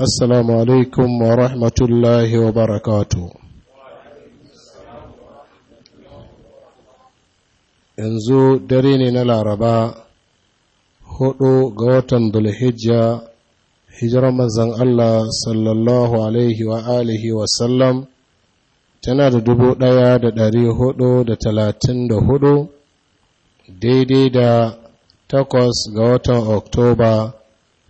السلام عليكم ورحمة الله وبركاته yanzu dare ne na laraba hudu ga watan dulhijja hijirar manzan Allah sallallahu alaihi wa alihi tana da dubu daya da dari hudu da talatin da hudu daidai da takwas ga watan oktoba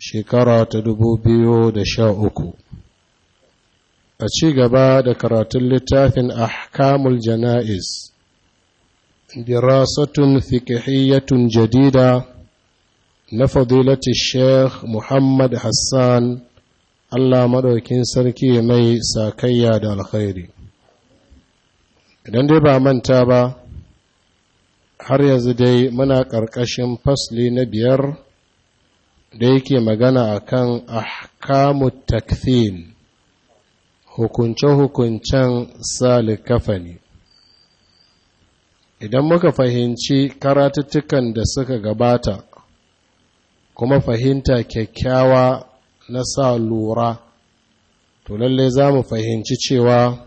shekara ta dubu biyu da sha uku. a ci gaba da karatun littafin ahkamul jana'iz dirasatun fiƙihiyyatun jadida na fadilati sheikh muhammad hassan allah maɗaukin sarki mai sakayya da alkhairi idan dai ba manta ba har yanzu dai muna ƙarƙashin fasli na biyar da yake magana akan ahkamu takfin hukunce-hukuncen salikafani idan muka fahimci karatuttukan da suka gabata kuma fahimta kyakkyawa na sa lura to lallai za mu fahimci cewa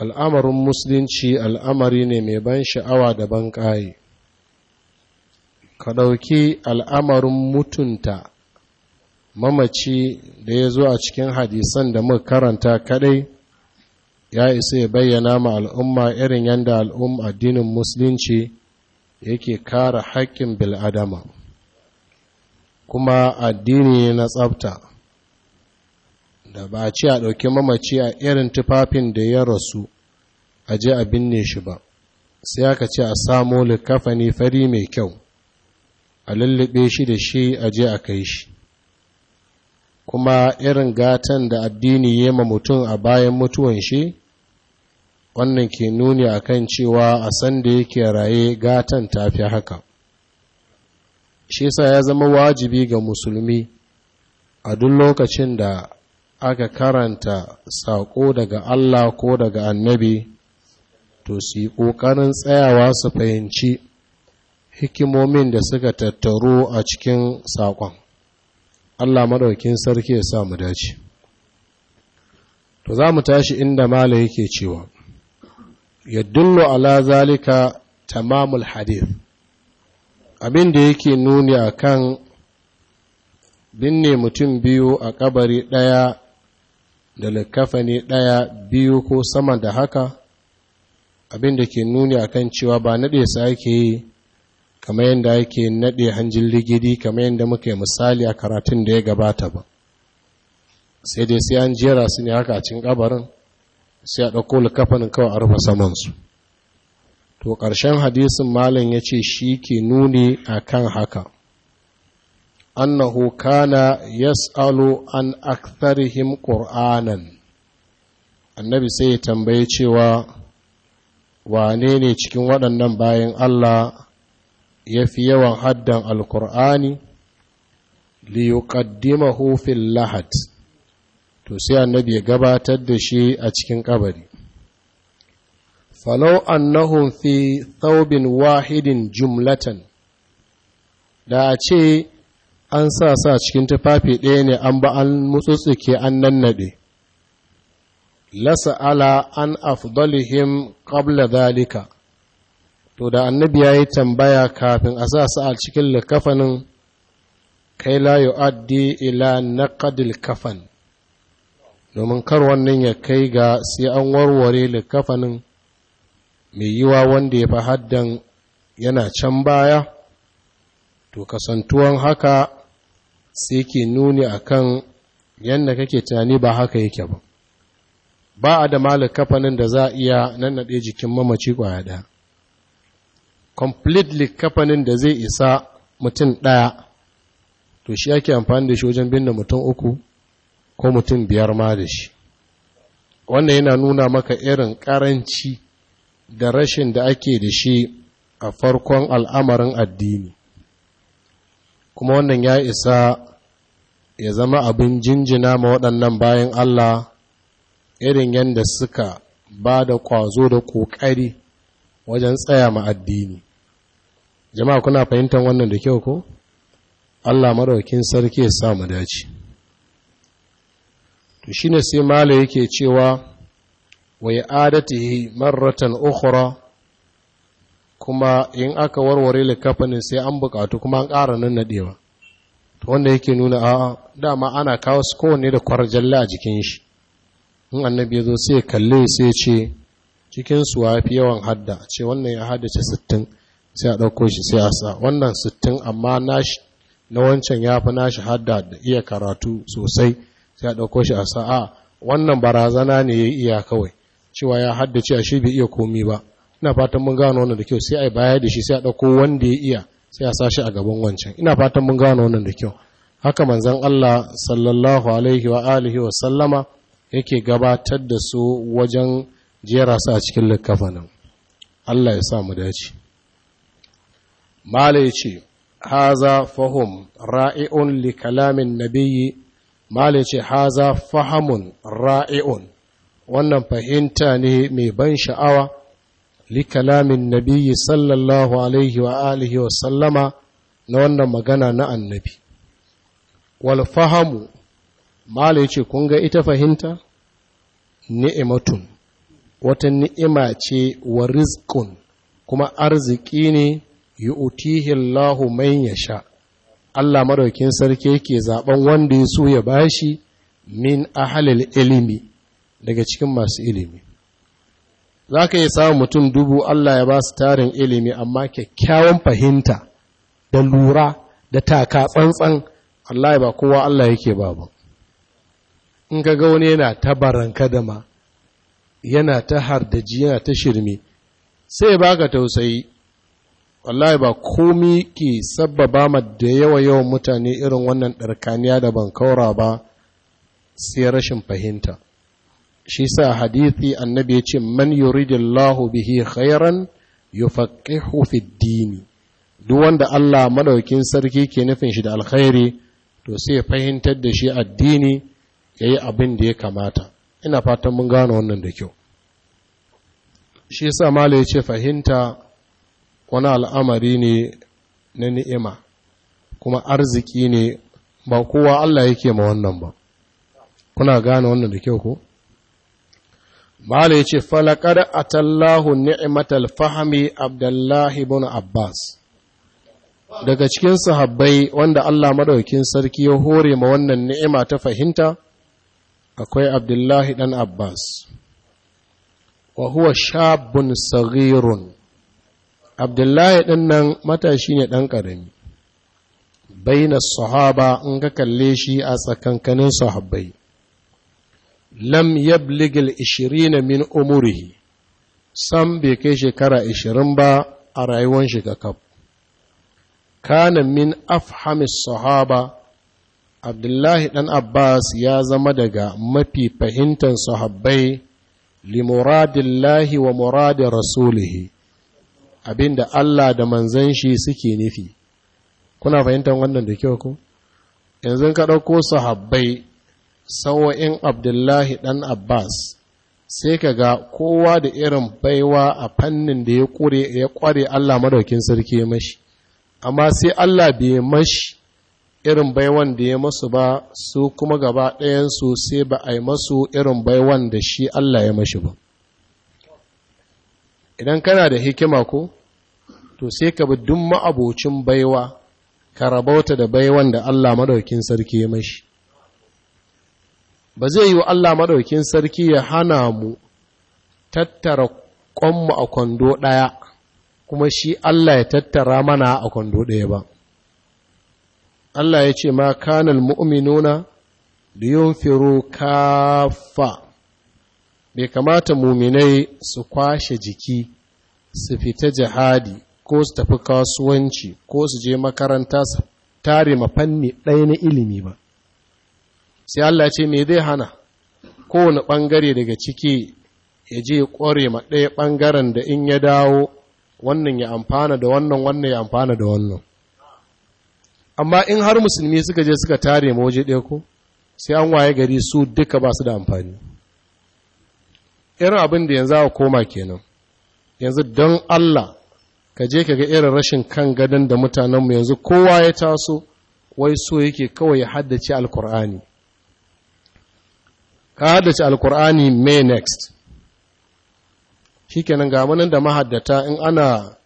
al'amarin musulunci al'amari ne mai ban sha'awa da ban ƙaye ka ɗauki al'amarin mutunta mamaci da ya zo a cikin hadisan da muka karanta kadai ya isa ya bayyana ma al'umma irin yadda al'umma addinin musulunci yake kara haƙƙin bil'adama kuma addini na tsabta da ba a ce a ɗauki mamaci a irin tufafin da ya rasu a je a binne shi ba sai aka ce a samo likafani fari mai kyau a lullube shi da shi a je a kai shi kuma irin gatan da addini ya ma mutum a bayan mutuwan shi wannan ke nuni a kan cewa a sanda da yake raye gatan ta fi haka shi sa ya zama wajibi ga musulmi a duk lokacin da aka karanta saƙo daga Allah ko daga annabi to su yi ƙoƙarin tsayawa su fahimci hikimomin da suka tattaru a cikin saƙon Allah maɗaukin sarki ya sa mu dace to za mu tashi inda mala yake cewa ya dullo ala zalika tamamul hadith abin da yake nuni a kan binne mutum biyu a ƙabari ɗaya da likafani ɗaya biyu ko sama da haka abin da ke nuni a kan cewa ba naɗe sa ake yi kamar yadda yake naɗe hanjin ligidi kamar yadda muka yi misali a karatun da ya gabata ba sai dai sai an jera su ne haka a cikin kabarin sai a ɗauko likafanin kawai a rufe samansu to ƙarshen hadisin malam ya ce shi ke nuni a kan haka annahu kana yas'alu an aktharihim qur'anan annabi sai ya tambaye cewa wane ne cikin waɗannan bayan Allah ya fi yawan haddan alkur'ani liyuqaddimahu fil lahat to sai annabi ya gabatar da shi a cikin ƙabari. falau annahun fi thawbin wahidin jumlatan da a ce an sa sa cikin tufafi ɗaya ne an ba an mutsutsuke an nannaɗe lasa ala an afdalihim qabla dhalika to da annabi ya yi tambaya kafin a sa su a cikin likafanin kai la yu'addi ila naqdil kafan domin kar wannan ya kai ga sai an warware likafanin mai yiwa wanda ya fi haddan yana can baya to kasantuwan haka sai ke nuni kan yadda kake tunani ba haka yake ba ba a da malikafanin da za a iya nannaɗe jikin mamaci kwaya ɗaya completely kafanin da zai isa mutum ɗaya to shi ake amfani da shi wajen binne mutum uku ko mutum biyar ma da shi wannan yana nuna maka irin ƙaranci da rashin da ake da shi a farkon al'amarin addini kuma wannan ya isa ya zama abin jinjina ma waɗannan bayan Allah irin yadda suka ba da ƙwazo da ƙoƙari wajen tsaya ma addini jama'a kuna fahimtar wannan da kyau ko Allah maraukin sarki ya sa mu dace to shine sai mala yake cewa wa adatihi marratan ukhra kuma in aka warware likafanin sai an bukatu kuma an ƙara nan nadewa to wanda yake nuna a dama ana kawo su kowanne da kwarjalla a jikin shi in annabi ya zo sai kalle sai ce cikin su fi yawan hadda ce wannan ya haddace sittin sai a ɗauko shi sai a sa wannan sittin amma nashi na wancan ya fi nashi hadda da iya karatu sosai sai a ɗauko shi a sa a wannan barazana ne ya iya kawai cewa ya haddace a shi bai iya komi ba ina fatan mun gano wannan da kyau sai a baya da shi sai a ɗauko wanda ya iya sai a sa shi a gaban wancan ina fatan mun gano wannan da kyau haka manzon Allah sallallahu alaihi wa alihi wa sallama yake gabatar da su wajen jera su a cikin likkafanin Allah ya sa mu dace mala ya ce haza fahim ra'i'un li kalamin nabiyyi mala ya ce haza fahamun ra'i'un wannan fahimta ne mai ban sha'awa li kalamin nabiyyi sallallahu alaihi wa alihi wa sallama na wannan magana na annabi wal fahamu mala ya ce kun ga ita fahimta ni'imatun wata ni'ima ce wa rizkun kuma arziki ne yu'tihi Allahu man sha Allah madaukin sarki yake zaben wanda ya so ya bashi min ahlil ilimi daga cikin masu ilimi zaka yi samun mutum dubu Allah ya ba su tarin ilimi amma kyakkyawan fahimta da lura da taka tsantsan Allah ba kowa Allah yake babu in ka ga wani yana ta baranka da yana ta hardaji yana ta shirme sai baka tausayi wallahi ba komi ke sabbaba ma da yawa yawan mutane irin wannan ɗarkaniya da ban kaura ba sai rashin fahimta shi sa hadithi annabi ya ce man yuridillahu bihi khairan yufaqihu fid dini duk wanda Allah maɗaukin sarki ke nufin shi da alkhairi to sai fahimtar da shi addini yayi abin da ya kamata ina fatan mun gano wannan da kyau shi sa malai ya ce fahimta wani al'amari ne na ni'ima kuma arziki ne ba kowa Allah yake ma wannan ba kuna gane wannan da kyau ko ce falakar a atallahu ni’imatar fahami Abdullahi ibn Abbas daga cikin sahabbai wanda Allah madaukin sarki ya hore ma wannan ni'ima ta fahimta akwai Abdullahi ɗan Abbas wa huwa shabun sagirun abdullahi ɗin nan matashi ne ɗan ƙarami baina sahaba in ka kalle shi a tsakankanin sahabbai lam yabligil ishirina min umurihi sam bai kai shekara ishirin ba a rayuwar shi kaf kana min afhamis sahaba abdullahi ɗan abbas ya zama daga mafi fahimtar sahabbai limuradillahi wa muradin rasulihi abinda Allah da manzan shi suke nufi kuna fahimtar wannan da kyau ku yanzu ka ɗauko sahabbai sawa'in abdullahi ɗan abbas sai ka ga kowa da irin baiwa a fannin da ya ƙure ya ƙware Allah madaukin sarki mashi amma sai Allah bai mashi irin baiwan da ya masu ba su kuma gaba ɗayansu sai ba a yi masu irin baiwan da shi Allah ya mashi ba idan kana da hikima ko to sai ka bi duk ma'abocin baiwa ka rabauta da baiwan da Allah madaukin sarki ya mashi ba zai yi wa Allah maɗaukin sarki ya hana mu tattara kwanmu a kwando ɗaya kuma shi Allah ya tattara mana a kwando ɗaya ba Allah ya ce ma kanal mu'minuna firo kafa bai kamata muminai su kwashe jiki su fita jihadi ko su tafi kasuwanci ko su je makaranta su tare mafanni ɗaya na ilimi ba sai Allah ce me zai hana kowane ɓangare daga ciki ya je ƙware ma ɗaya ɓangaren da in ya dawo wannan ya amfana da wannan wannan ya amfana da wannan amma in har musulmi suka je suka tare ma waje ɗaya ko sai an waye gari su duka ba su da amfani irin abin da yanzu a koma kenan yanzu don Allah ka je ka ga irin rashin kan gadon da mutanenmu yanzu kowa ya taso wai so yake kawai ya haddace alkur'ani ka haddace alkur'ani may next shikenan ga munan da mahaddata in ana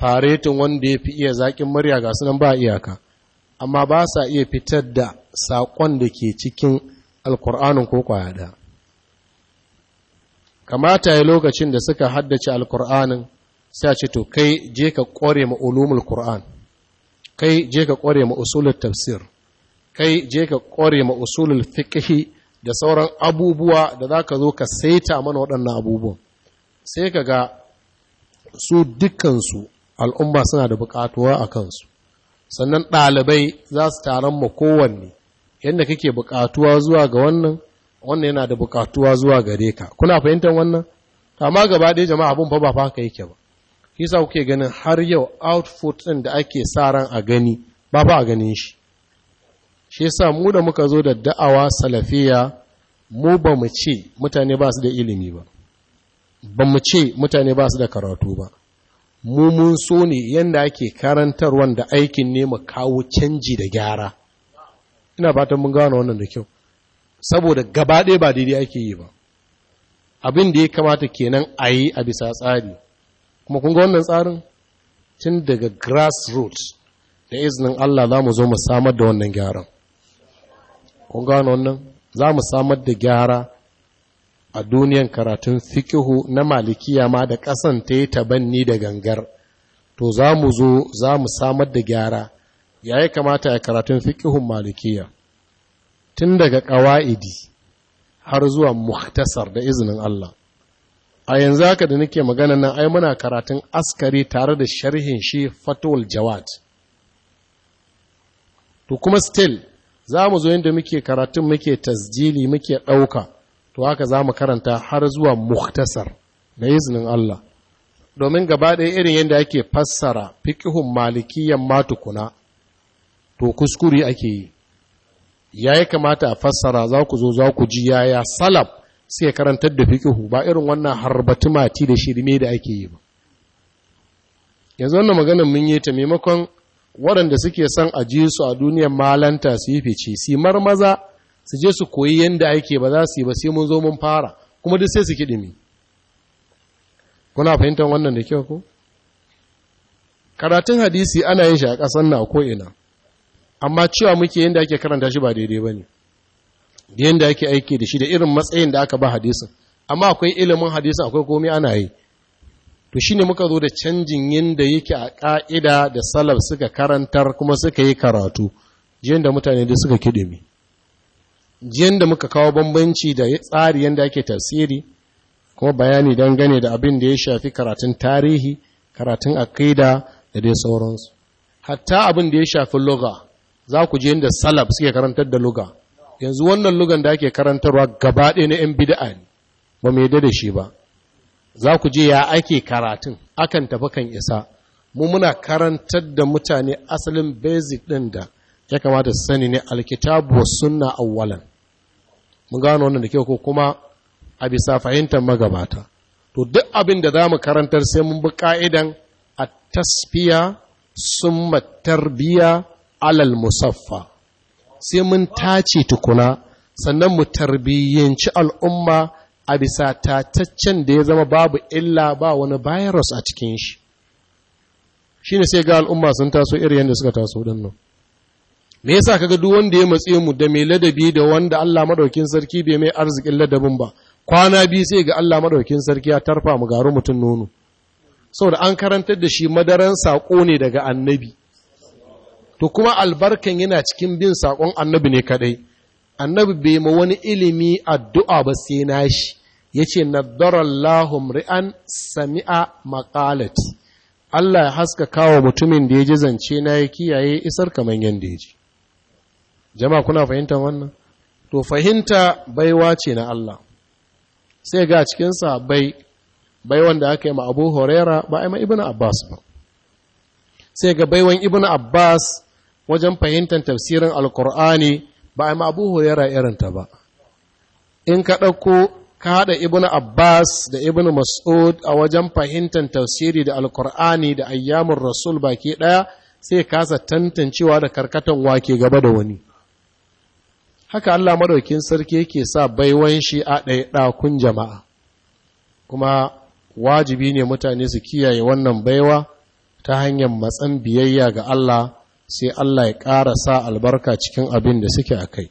faretin wanda ya fi iya zaƙin murya ga sunan ba iyaka amma ba sa iya fitar da saƙon da ke cikin alkur'anin ko kwaya kamata ya lokacin da suka haddace alkur'anin sai ce to kai je ka kware ma ulumul qur'an kai je ka kware ma usulul tafsir kai je ka kware ma usulul fiqh da sauran abubuwa da zaka zo ka saita mana waɗannan abubuwan sai ka ga su dukkansu al'umma suna da buƙatuwa a kansu sannan ɗalibai za su taron ma kowanne yadda kake buƙatuwa zuwa ga wannan wannan yana da buƙatuwa zuwa gare ka kuna fahimtar wannan amma gaba ɗaya jama'a abun fa ba fa haka yake ba yasa kuke ganin har yau output ɗin da ake sa ran a gani ba ba a ganin shi shi yasa mu da muka zo da da'awa salafiya mu ba mu ce mutane ba su da ilimi ba ba mu ce mutane ba su da karatu ba mu mun so ne yanda ake karantarwan da aikin ne mu kawo canji da gyara ina fatan mun gano wannan da kyau saboda gaba ɗaya ba daidai ake yi ba abin da ya kamata kenan a yi a bisa tsari kuma kun ga wannan tsarin tun daga grassroots da izinin Allah za mu zo mu samar da wannan gyaran kun wannan za mu samar da gyara a duniyan karatun fikihu na malikiya ma da ƙasan ta yi tabanni da gangar to za mu zo za mu samar da gyara ya yi kamata a karatun fikihun malikiya tun daga ƙawa'idi har zuwa muhtasar da izinin Allah a yanzu haka da nake magana nan ai muna karatun askari tare da sharhin shi fatul jawad to kuma still za mu zo yadda muke karatun muke tasjili muke ɗauka to haka za mu karanta har zuwa muktasar da izinin Allah domin gaba ɗaya irin yadda ake fassara fiƙihun malikiyan matukuna to kuskure ake yi ya yi kamata a fassara za ku zo za ku ji yaya salab suke karantar da fikihu ba irin wannan harbatu mati da shirme da ake yi ba yanzu wannan maganar mun yi ta maimakon waɗanda suke son a ji su a duniyar malanta su yi fice su maza su je su koyi yadda ake ba za su yi ba sai mun zo mun fara kuma duk sai su kiɗi kiɗimi kuna fahimtar wannan da kyau ko karatun hadisi ana yin shi a ƙasar na ko'ina amma cewa muke yadda ake karanta shi ba daidai ba ne da yadda ake aiki da shi da irin matsayin da aka ba hadisin amma akwai ilimin hadisin akwai komai ana yi to shine muka zo da canjin yadda yake a ƙa'ida da salaf suka karantar kuma suka yi karatu jiyan da mutane da suka mi jiyan da muka kawo bambanci da tsari yadda ake tasiri kuma bayani dangane da abin da ya shafi karatun tarihi karatun aƙida da dai sauransu hatta abin da ya shafi loga za ku je yadda salaf suke karantar da loga yanzu wannan lugan da ake karantarwa gaba ɗaya na 'yan bida'a ne ba mai da shi ba za ku je ya ake karatun akan tafi kan isa mu muna karantar da mutane asalin basic ɗin da ya kamata su sani ne alkitabu wa sunna awwalan mun gano wannan da kyau ko kuma a bisa fahimtar magabata to duk abin da za mu karantar sai mun bi ka'idan a tasfiya summa tarbiya alal musaffa sai mun tace tukuna sannan mu tarbiyyanci al'umma a bisa tataccen da ya zama babu illa ba wani virus a cikin shi shi ne sai ga al'umma sun taso iri yadda suka taso ɗin nan me yasa kaga duk wanda ya matse mu da mai ladabi da wanda Allah madaukin sarki bai mai arzikin ladabin ba kwana biyu sai ga Allah madaukin sarki ya tarfa mu garu mutun nono saboda an karantar da shi madaran sako ne daga annabi to kuma albarkan yana cikin bin saƙon annabi ne kaɗai annabi bai ma wani ilimi addu'a ba sai nashi ya ce nadarallahum ri'an sami'a maƙalati Allah ya haska kawo mutumin da ya ji zance na ya kiyaye isar kamar yadda ya ji jama'a kuna fahimta wannan to fahimta baiwa ce na Allah sai ga cikinsa bai, baiwan da aka yi ma Abu Huraira ba yi ma Ibn Abbas ba sai ga baiwan Ibn Abbas wajen fahimtar tafsirin alkur'ani ba a ma abu irin irinta ba in ka ɗauko ka haɗa ibn abbas da ibn mas'ud a wajen fahimtar tafsiri da alkur'ani da ayyamin rasul baki ɗaya sai kasa tantancewa da karkatan wake gaba da wani haka allah maɗaukin sarki yake sa baiwan shi a ɗakun jama'a kuma wajibi ne mutane su kiyaye wannan baiwa ta hanyar matsan biyayya ga allah sai Allah ya ƙara sa albarka cikin abin da suke a kai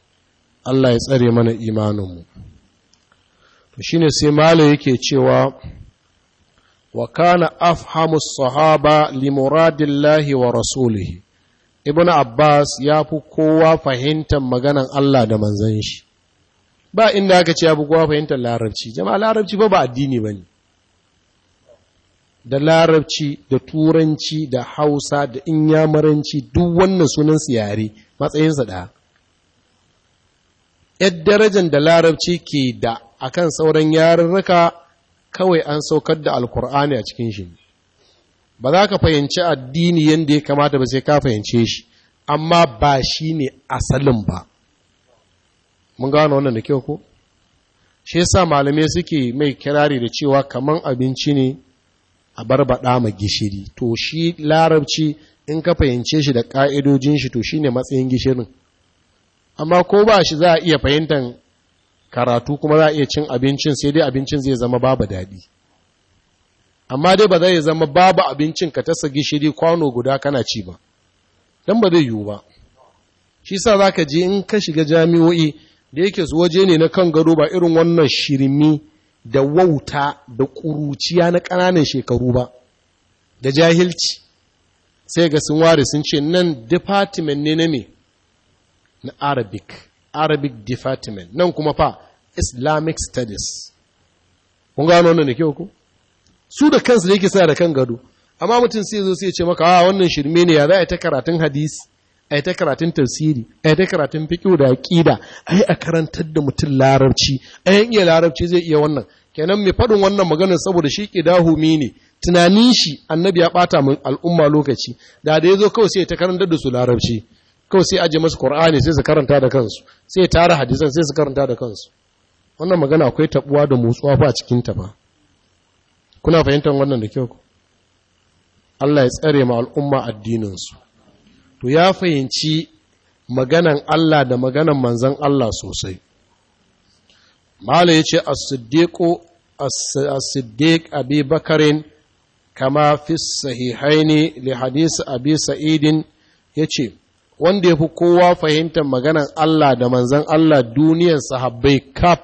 Allah ya tsare mana imaninmu to shine sai mala yake cewa wa kana afhamu sahaba li muradillahi wa rasulihi ibnu abbas ya fi kowa fahimtar maganan Allah da Manzanshi. shi ba inda aka ce ya fi kowa fahimtar larabci jama'a larabci ba ba addini bane da larabci da turanci da hausa da inyamuranci duk wannan su yare matsayinsa ɗaya ‘yar darajar da larabci ke da akan sauran yarurruka kawai an saukar da alkur'ani a cikin shi ba za ka fahimci addini yadda ya kamata ba sai ka fahimce shi amma ba shi ne asalin ba mun gano wannan da kyau ko shi yasa malamai suke mai kirari da cewa kaman abinci ne a barbaɗa ma gishiri to shi larabci in ka fahimce shi da ƙa'idojin shi to shi ne matsayin gishirin amma ko ba shi za a iya fahimtar karatu kuma za a iya cin abincin sai dai abincin zai zama babu daɗi amma dai ba zai zama babu abincin ka tasa gishiri kwano guda kana ci ba don ba zai yiwu ba shi sa za ka je in ka shiga jami'o'i da yake su waje ne na kan gado ba irin wannan shirmi da wauta da ƙuruciya na ƙananan shekaru ba da jahilci sai ga sun ware sun ce nan department ne na me na arabic arabic department nan kuma fa islamic studies kun gano wannan da kyau ku su da kansu da yake sa da kan gado amma mutum sai zo sai ce maka a ah, wannan shirme ne ya za a ta karatun hadisi a ta karatun tafsiri a ta karatun fiqh da aqida ai a karantar da mutum larabci ai iya larabci zai iya wannan kenan mai faɗin wannan magana saboda shi ƙidahumi ne tunanin shi annabi ya ɓata min al'umma lokaci da da ya zo kawai sai ta karanta da su larabci kawai sai aje masu ƙur'ani sai su karanta da kansu sai tara hadisan sai su karanta da kansu wannan magana akwai taɓuwa da motsuwa fa a cikin ta ba kuna fahimtar wannan da kyau Allah ya tsare ma al'umma addinin su to ya fahimci maganan Allah da maganan manzon Allah sosai mala yace as-siddiqu الصديق siddiq بكر كما kama الصحيحين لحديث أبي سعيد abi wanda ya kowa fahimtar maganan Allah da manzan Allah duniyar sahabbai kaf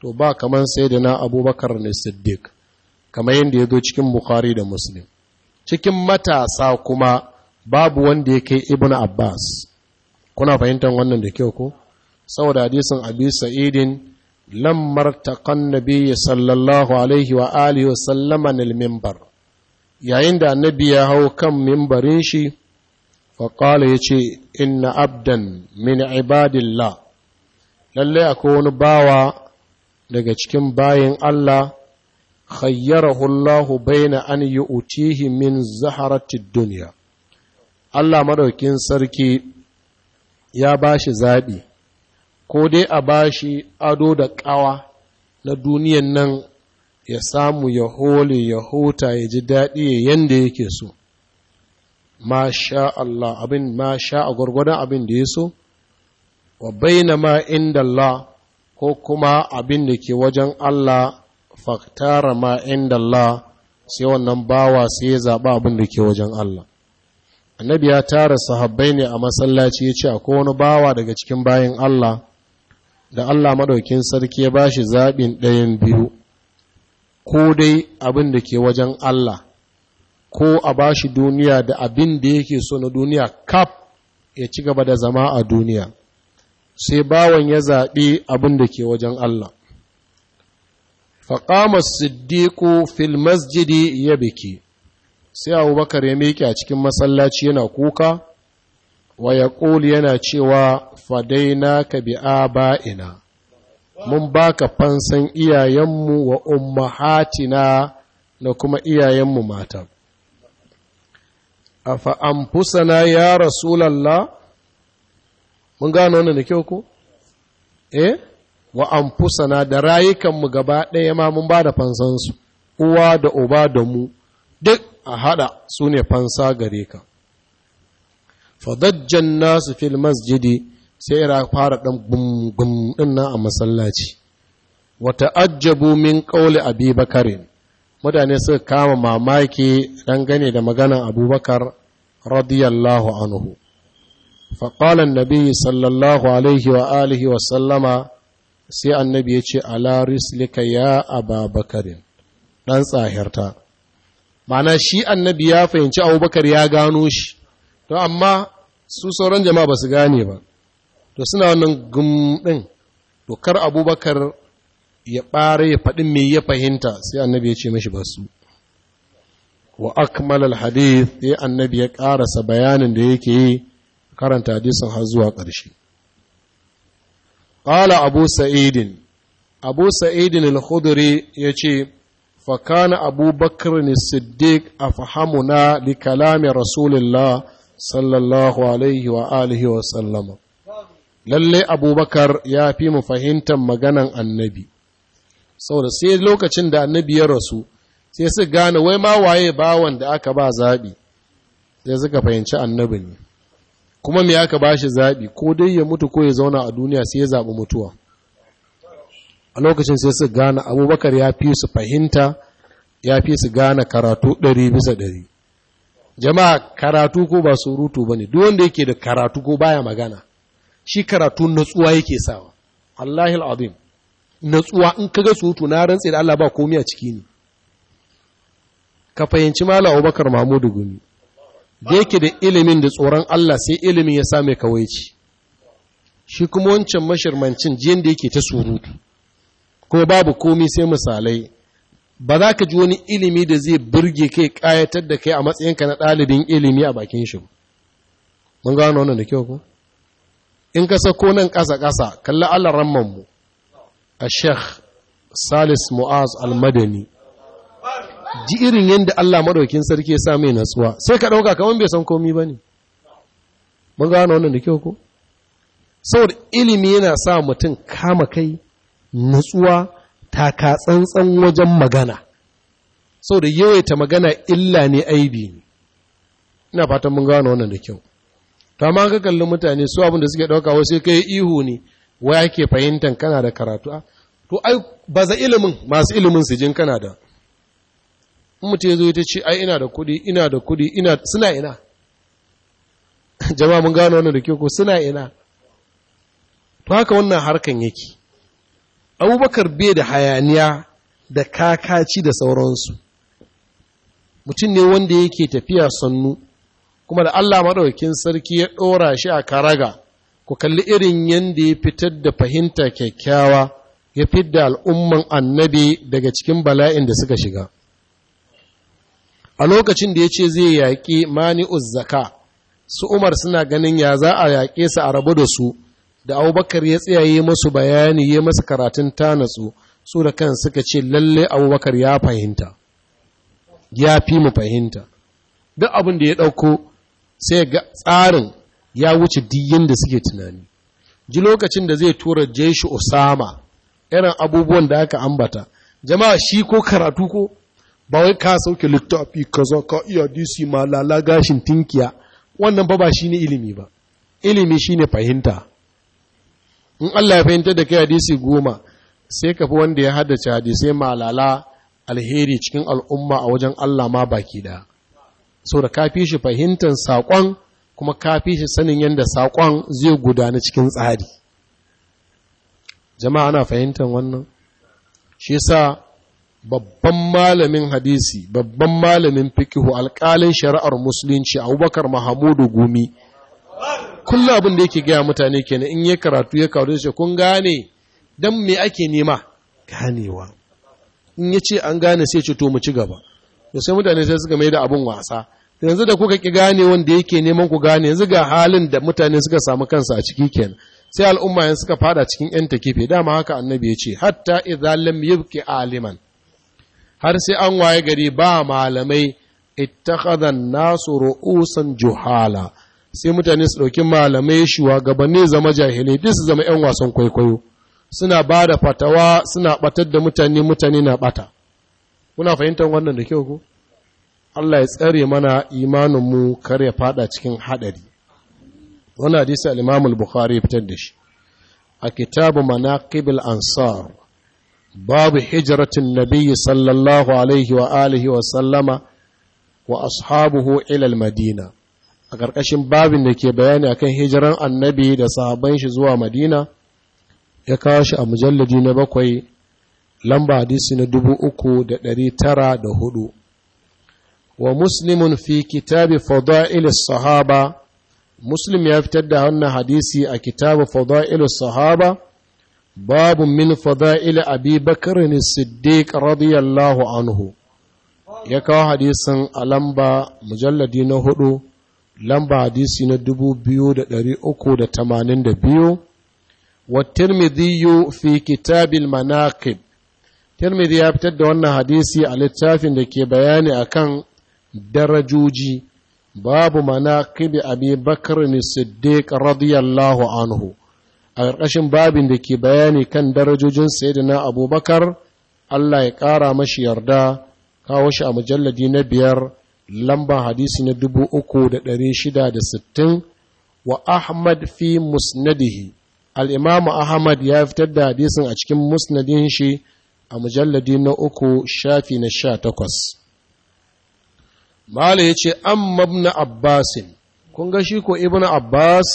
to ba kamar sai da na abubakar ne siddiq kamar yadda ya zo cikin bukhari da muslim cikin matasa kuma babu wanda ya kai ibn abbas kuna fahimtar wannan da kyau ko saboda hadisin abi sa'idin lammar taƙan nabi sallallahu alaihi wa alihi wa sallama nil yayin da annabi ya hau kan mimbarin shi faƙala ya ce inna abdan min ibadillah lallai akwai wani bawa daga cikin bayan Allah khayyarahu Allahu baina an yu'tihi min zaharatid duniya. Allah maɗaukin sarki ya bashi zaɓi. ko dai a ba shi ado da ƙawa na duniyan nan ya samu ya hole ya huta ya ji daɗi ya yanda yake so masha Allah abin masha a gwargwadon abin da ya so wa baina ma inda Allah ko kuma abin da ke wajen Allah faktara ma inda Allah sai wannan bawa sai ya zaɓa abin da ke wajen Allah annabi ya tara sahabbai ne a masallaci ya ce akwai wani bawa daga cikin bayan Allah da Allah maɗaukin sarki ya ba shi zaɓin ɗayan biyu, ko dai abin da ke wajen Allah, ko a ba shi duniya da abin da yake so na duniya kaf ya ci gaba da zama a duniya, sai bawan ya zaɓi abin da ke wajen Allah. Faƙama Siddiƙu fil masjidi ya biki, sai Abubakar ya miƙe a cikin masallaci yana kuka, wa ya yana cewa fadaina ka bi aba'ina mun baka fansan iyayenmu wa ummahatina na kuma iyayenmu mata a fa'amfusana ya rasulallah mun gano wannan da kyau ko? eh wa amfusana da rayukanmu gaba ɗaya ma mun ba da fansansu uwa da uba da mu duk a haɗa su ne fansa gare ka fadajjan nasu fil masjidi sai ira fara ɗan gungun ɗin nan a masallaci wata ajjabu min ƙauli abi bakarin mutane suka kama mamaki dangane da maganar abubakar radiyallahu anhu faƙalan nabi sallallahu alaihi wa alihi wa sallama sai annabi ya ce ala rislika ya ababakarin ɗan tsahirta Mana shi annabi ya fahimci abubakar ya gano shi to amma su sauran jama'a ba su gane ba to suna nan gumɗin to kar abubakar ya ɓare ya faɗi mai ya fahimta sai annabi ya ce mashi ba su wa akmal alhadith sai annabi ya ƙarasa bayanin da yake yi karanta hadisin har zuwa ƙarshe Ƙala abu sa'idin abu sa'idin al-khudri yace fa kana abubakar as-siddiq afhamuna li kalami rasulillah sallallahu alaihi wa alihi wa sallama lalle abubakar ya fi mu fahimtar maganan annabi saboda sai lokacin da annabi ya rasu sai su gane wai ma waye bawan da aka ba zaɓi sai suka fahimci annabi ne kuma me aka ba shi zaɓi ko dai ya mutu ko ya zauna a duniya sai ya zaɓi mutuwa a lokacin sai su gane abubakar ya fi su fahimta ya fi su gane karatu ɗari bisa ɗari jama'a karatu ko ba surutu ba ne duk wanda yake da karatu ko baya magana shi karatu natsuwa yake sawa wallahi alazim natsuwa in ga surutu na rantse da Allah ba komi a ciki ne ka fahimci mala Abubakar Mahmudu Gumi da yake da ilimin da tsoron Allah sai ilimin ya same kawai shi kuma wancan mashirmancin jiyan da yake ta surutu ko babu komai sai misalai ba za ka ji wani ilimi da zai burge kai ƙayatar da kai a matsayinka na ɗalibin ilimi a bakin shi mun gano wannan da kyau ko in ka sako nan ƙasa-ƙasa kalla Allah mu. a sheikh salis mu'az al-madani ji irin yadda Allah madaukin sarki ya sa mai natsuwa sai ka ɗauka kamar bai san komi ba ne mun gano wannan da kyau ko saboda ilimi yana sa mutum kama kai natsuwa taka tsantsan wajen magana sau da yawaita magana illa ne aibi ne ina fatan mun gano wannan da kyau to amma ka kalli mutane su abin da suke dauka wasu kai ihu ne wai ake fahimtan kana da karatu a ah, to ai ba za ilimin masu ilimin su jin kana da in mutum ya zo ta ce ai ina da kuɗi ina da kuɗi ina suna ina jama'a mun gano wannan da kyau ko suna ina to haka wannan harkan yake abubakar bai da hayaniya da kakaci da sauransu mutum ne wanda yake tafiya sannu kuma da Allah maɗaukin sarki ya ɗora shi a karaga ku kalli irin yadda ya fitar da fahimta kyakkyawa ya fidda al'umman annabi daga cikin bala'in da suka shiga a lokacin da ya ce zai yaƙi mani uzzaka su umar suna ganin ya za a yaƙe su a rabu da su da abubakar ya tsayaye masu bayani ya masa karatun tanatsu su da kan suka ce lalle abubakar ya fahimta ya fi mu fahimta duk abin da ya ɗauko sai ga tsarin ya wuce diyin da suke tunani ji lokacin da zai tura jeshi osama irin abubuwan da aka ambata jama'a shi ko karatu ko ba wai ka sauke littafi kaza ka iya disi ma lala gashin tinkiya wannan ba ba shine ilimi ba ilimi shine fahimta in Allah ya fahimtar da kai hadisi goma sai ka fi wanda ya haddace hadisai malala alheri cikin al'umma a wajen Allah ma baki da so da ka shi fahimtar saƙon kuma ka shi sanin yadda saƙon zai gudana cikin tsari jama'a na fahimtar wannan shi sa babban malamin hadisi babban malamin fikihu alƙalin shari'ar musulunci abubakar mahamudu gumi kullum abin da yake gaya mutane kenan in ya karatu ya kawo shi kun gane dan me ake nema ganewa in ya ce an gane sai ce to mu ci gaba to sai mutane sai suka mai da abin wasa yanzu da kuka ki gane wanda yake neman ku gane yanzu ga halin da mutane suka samu kansa a ciki kenan sai al'umma yanzu suka fada cikin yan takife dama haka annabi ya ce hatta idza lam yubqi aliman har sai an waye gari ba malamai ittakhadha an-nasu ru'usan juhala sai mutane su ɗauki malamai shugabanni zama jahilai duk su zama 'yan wasan kwaikwayo suna ba da fatawa suna ɓatar da mutane mutane na ɓata kuna fahimtar wannan da kyau ko Allah ya tsare mana imaninmu kar ya fada cikin haɗari Wani hadisi al bukhari fitar da shi a kitabu mana kibil ansar babu hijratin Nabiyyu sallallahu alaihi wa alihi wa sallama wa ashabuhu ilal madina a ƙarƙashin babin da ke bayani a kan hijiran annabi da sahaban shi zuwa madina ya kawo shi a mujalladi na bakwai lamba hadisi na dubu uku da ɗari tara da hudu wa muslimun fi kitabi fada'il sahaba muslim ya fitar da wannan hadisi a kitabu fada'il sahaba babu min fada'il abi bakr siddiq radiyallahu anhu ya kawo hadisin a lamba mujalladi na hudu lamba hadisi na dubu biyu da da da uku tamanin biyu wa tirmidhi fi kitabil manaqib tirmidhi ya fitar da wannan hadisi a littafin da ke bayani a kan darajoji babu manaqib abi bakr siddiq radiyallahu anhu a ƙarƙashin babin da ke bayani kan darajojin sayyidina abubakar Allah ya ƙara mashi yarda kawo shi a mujalladi na biyar lamba hadisi na 3660 wa Ahmad fi musnadihi al'imamu Ahmad ya fitar da hadisin a cikin musnadin shi a mujalladi na uku shafi na sha takwas. Mala ya ce, An mabna Abbasin, kun ga shi ko Ibn Abbas,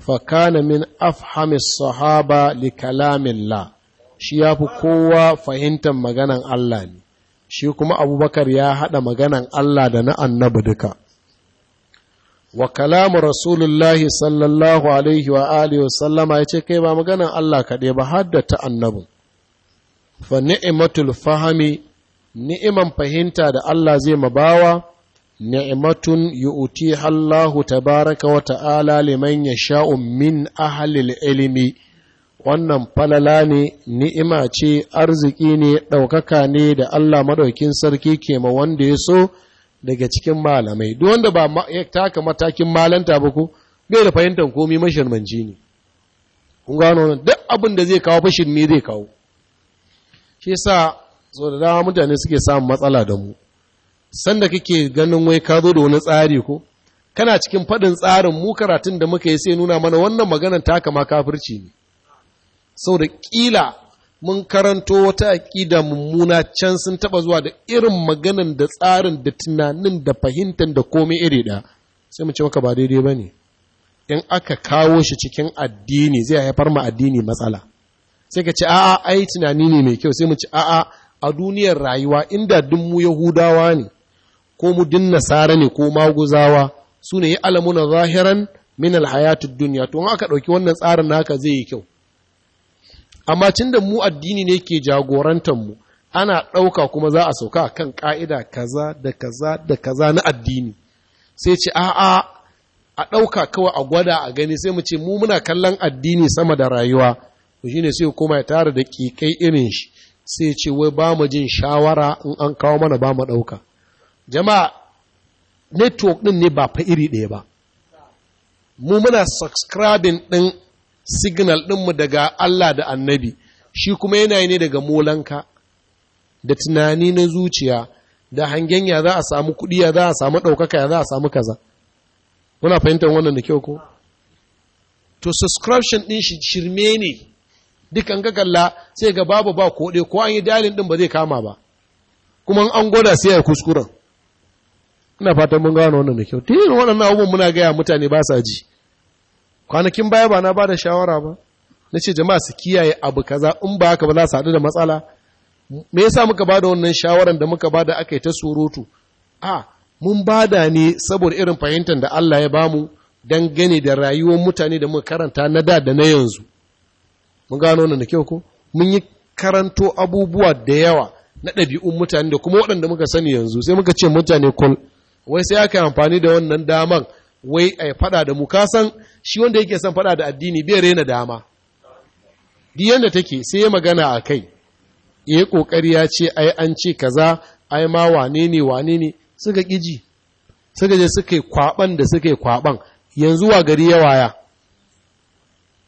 fakana min afhamis sahaba li kalamin la, shi ya fi kowa fahimtar maganan Allah ne. shi kuma abubakar ya haɗa maganan Allah da na annabi duka wa kalamu rasulullahi sallallahu alaihi wa alihi wa sallama ya ce kai ba maganan Allah kaɗai ba har ta annabi fa ni'matul fahami ni'iman fahimta da Allah zai mabawa ni'matun yu'tiha Allahu tabaraka wa ta'ala liman yasha'u min ahlil ilimi. wannan falala ne ni'ima ce arziki ne ɗaukaka ne da Allah maɗaukin sarki ke ma wanda ya so daga cikin malamai duk wanda ba ya taka matakin malanta ba ko bai da fahimtar komai masharmanci ne kun gano nan duk abin da zai kawo fashin ne zai kawo shi yasa so da dama mutane suke samun matsala da mu sanda kake ganin wai ka zo da wani tsari ko kana cikin fadin tsarin mu karatun da muka yi sai nuna mana wannan maganar taka kama kafirci ne Sau da ƙila mun karanto wata aƙida mummuna can sun taɓa zuwa da irin maganan da tsarin da tunanin da fahimtar da komai iri ɗaya sai mu ce maka ba daidai ba ne in aka kawo shi cikin addini zai haifar ma addini matsala sai ka ce a'a ai tunani ne mai kyau sai mu ce a'a a duniyar rayuwa inda duk mu yahudawa ne ko mu din nasara ne ko maguzawa su ne ya alamuna zahiran min alhayatid duniya to in aka ɗauki wannan tsarin naka zai yi kyau amma cin da mu addini ne ke jagorantar ana ɗauka kuma za a sauka a kan ƙa'ida kaza da kaza da kaza na addini sai ce a'a a ɗauka kawai a gwada a gani sai mu ce mu muna kallon addini sama da rayuwa shi ne sai kuma ya tara da ƙiƙai irin shi sai ce wai ba mu jin shawara in an kawo mana ba mu ɗauka jama'a network ɗin ne ba fa iri ɗaya ba mu muna subscribing ɗin signal ɗinmu daga Allah da annabi shi kuma yana ne daga molanka da tunani na zuciya da hangen ya za a samu kuɗi ya za a samu ɗaukaka ya za a samu kaza muna fahimtar wannan da kyau ko to subscription ɗin shi shirme ne dukkan ga kalla sai ga babu ba koɗe ko an yi dalin ɗin ba zai kama ba kuma an gwada sai ya kuskuren ina fatan mun gano wannan da kyau ta yin waɗannan abubuwan muna gaya mutane ba sa ji kwanakin baya ba na ba da shawara ba na ce jama'a su kiyaye abu kaza in ba haka ba za su haɗu da matsala me yasa muka ba da wannan shawaran da muka ba da aka yi ta surutu a mun ba da ne saboda irin fahimtar da Allah ya bamu don gane da rayuwar mutane da muka karanta na da da na yanzu mun gano wannan da kyau ko mun yi karanto abubuwa da yawa na ɗabi'un mutane da kuma waɗanda muka sani yanzu sai muka ce mutane kul wai sai aka yi amfani da wannan daman wai ai faɗa da mu kasan shi wanda yake son faɗa da addini bai rena dama di yanda take sai ya magana a kai ya yi ƙoƙari ya ce ai an ce kaza ai ma wane ne wane ne suka ƙiji suka je suka yi kwaɓan da suka yi kwaɓan yanzu wa gari ya waya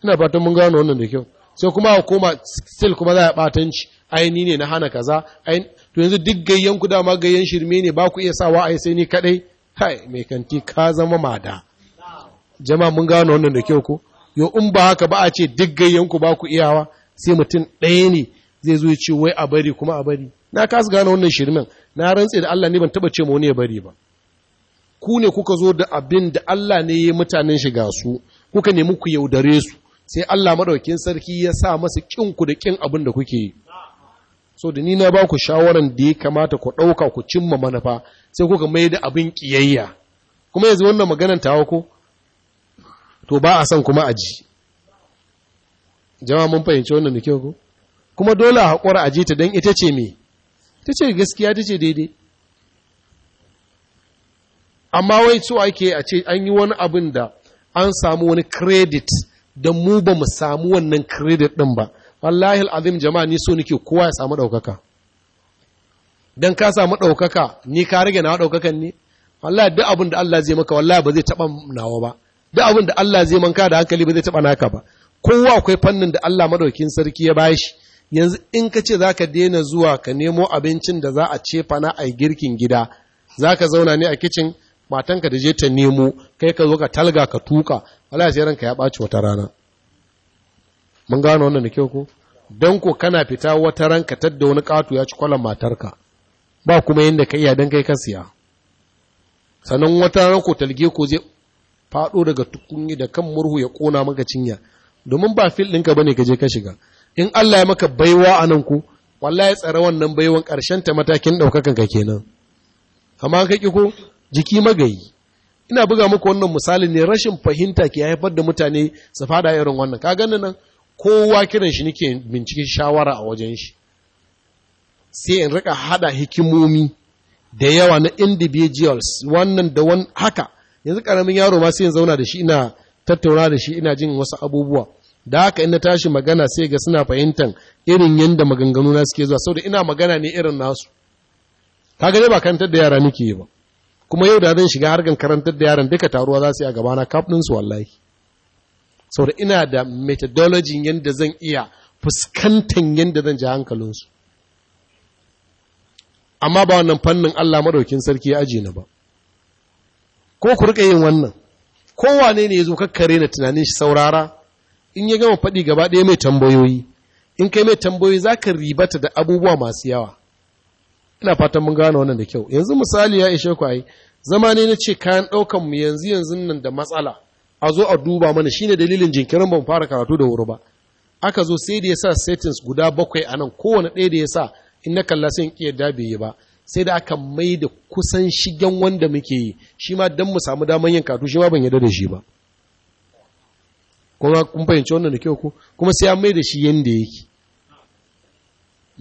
ina fatan mun gano wannan da kyau sai kuma a koma still kuma za a ɓatanci aini ne na hana kaza to yanzu duk gayyan ku dama gayyan shirme ne ba ku iya sawa ai sai ni kaɗai kai mai kanti ka zama mada jama'a mun gano wannan da kyau ko yo in ba haka ba a ce duk gayyanku ba ku iyawa sai mutum ɗaya ne zai zo ya ce wai a bari kuma a bari na kasu gano wannan shirmin na rantse da Allah ne ban taba ce ma wani ya bari ba ku ne kuka zo da abin da Allah ne ya mutanen shiga su kuka nemi ku yaudare su sai Allah madaukin sarki ya sa masa kin ku da kin abin da kuke yi so da ni na ba ku shawaran da ya kamata ku ɗauka ku cimma manufa sai kuka mai da abin kiyayya kuma yanzu wannan maganar tawa ko to ba a son kuma a ji jama'a mun fahimci wannan da kyau kuma dole a haƙura a ji ta don ita ce me ita ce gaskiya ta ce daidai amma wai su ake a ce an yi wani abin da an samu wani credit da mu ba mu samu wannan credit ɗin ba wallahi azim jama'a ni so nake kowa ya samu ɗaukaka dan ka samu ɗaukaka ni ka rage na ɗaukakan ne wallahi duk abin da Allah zai maka wallahi ba zai taɓa nawa ba duk abin da Allah zai manka da hankali ba zai taɓa naka ba kowa akwai fannin da Allah madaukin sarki ya bashi yanzu in ka ce za ka daina zuwa ka nemo abincin da za a ce fana a girkin gida za ka zauna ne a kicin matanka da je ta nemo kai ka zo ka talga ka tuka wala sai ranka ya ɓaci wata rana mun gano wannan da kyau ko Dan ko kana fita wata ranka tadda wani kato ya ci kwalan matarka ba kuma yanda ka iya don kai ka siya sannan wata ko talge ko zai faɗo daga tukunyi da kan murhu ya ƙona maka cinya domin ba fil ɗinka bane ka je ka shiga in Allah ya maka baiwa a nan ku wallahi tsare wannan baiwan ƙarshen ta matakin ɗaukakan ka kenan amma ka ki ko jiki magayi ina buga muku wannan misali ne rashin fahimta ke haifar da mutane su fada irin wannan ka ganin nan kowa kiran shi nake binciki shawara a wajen shi sai in rika hada hikimomi da yawa na individuals wannan da wani haka yanzu karamin yaro ma sai in zauna da shi ina tattauna da shi ina jin wasu abubuwa da haka in na tashi magana sai ga suna fahimtar irin yadda maganganu na suke zuwa saboda ina magana ne irin nasu kaga dai ba karantar da yara nake yi ba kuma yau da zan shiga harkan karantar da yaran duka taruwa za su yi a gabana kafin su wallahi saboda ina da methodology yadda zan iya fuskantar yanda zan ji hankalinsu amma ba wannan fannin Allah madaukin sarki ya aji na ba ko ku rika yin wannan kowane ne ya zo kakkare na tunanin shi saurara in ya gama faɗi gaba ɗaya mai tambayoyi in kai mai tambayoyi za ka ribata da abubuwa masu yawa ina fatan mun gane wannan da kyau yanzu misali ya ishe ku zama ne na ce kayan ɗaukan mu yanzu yanzu nan da matsala a zo a duba mana shine dalilin jinkirin ban fara karatu da wuri ba aka zo sai da ya sa setins guda bakwai a nan kowane ɗaya da ya sa in na kalla sai in bai yi ba sai da aka mai da kusan shigen wanda muke yi shi ma don mu samu damar yin kato shi ma ban yadda da shi ba kuma kun fahimci wannan da kyau ko kuma sai ya mai da shi yanda yake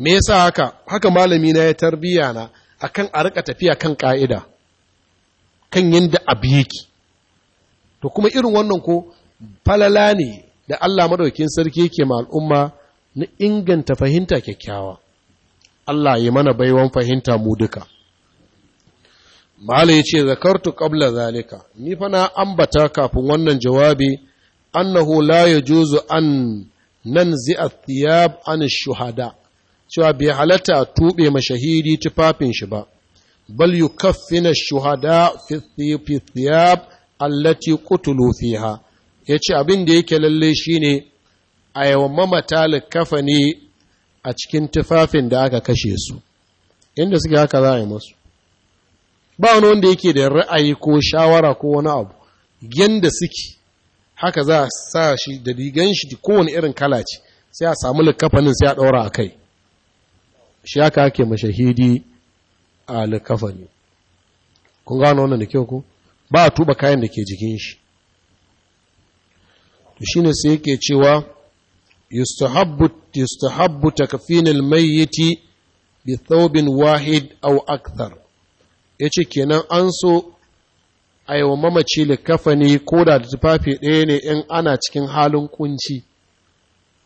me yasa haka haka malami na ya tarbiya na akan a rika tafiya kan ka'ida kan yanda abu yake to kuma irin wannan ko falala ne da Allah madaukakin sarki yake ma al'umma na inganta fahimta kyakkyawa Allah ya mana baiwan fahimta mu duka Mala ya ce, Zakartu ƙabla zalika, ni fa na ambata kafin wannan jawabi, annahu la ya juzu an nan zi'a thiyab an shuhada, cewa bai halatta a tuɓe mashahidi tufafin shi ba, bal yu kaffina shuhada fi thiyab allati qutulu fiha. Ya ce abin da yake lalle shi ne, a yawan mamata kafa ne a cikin tufafin da aka kashe su inda suke haka za a yi masu ba wani wanda yake da ra'ayi ko shawara ko wani abu yadda suke haka za a sa shi da rigan shi kowane irin kala ce sai a samu likafanin sai a ɗaura a kai shi haka ake mashahidi a likafani kun gano wannan da kyau ku ba a tuba kayan da ke jikin shi to shine sai yake cewa yustahabbu yustahabbu takfin almayyit bi thawbin wahid aw akthar yace kenan an so aiwa mamaci likafani ko da tufafi ɗaya ne in ana cikin halin kunci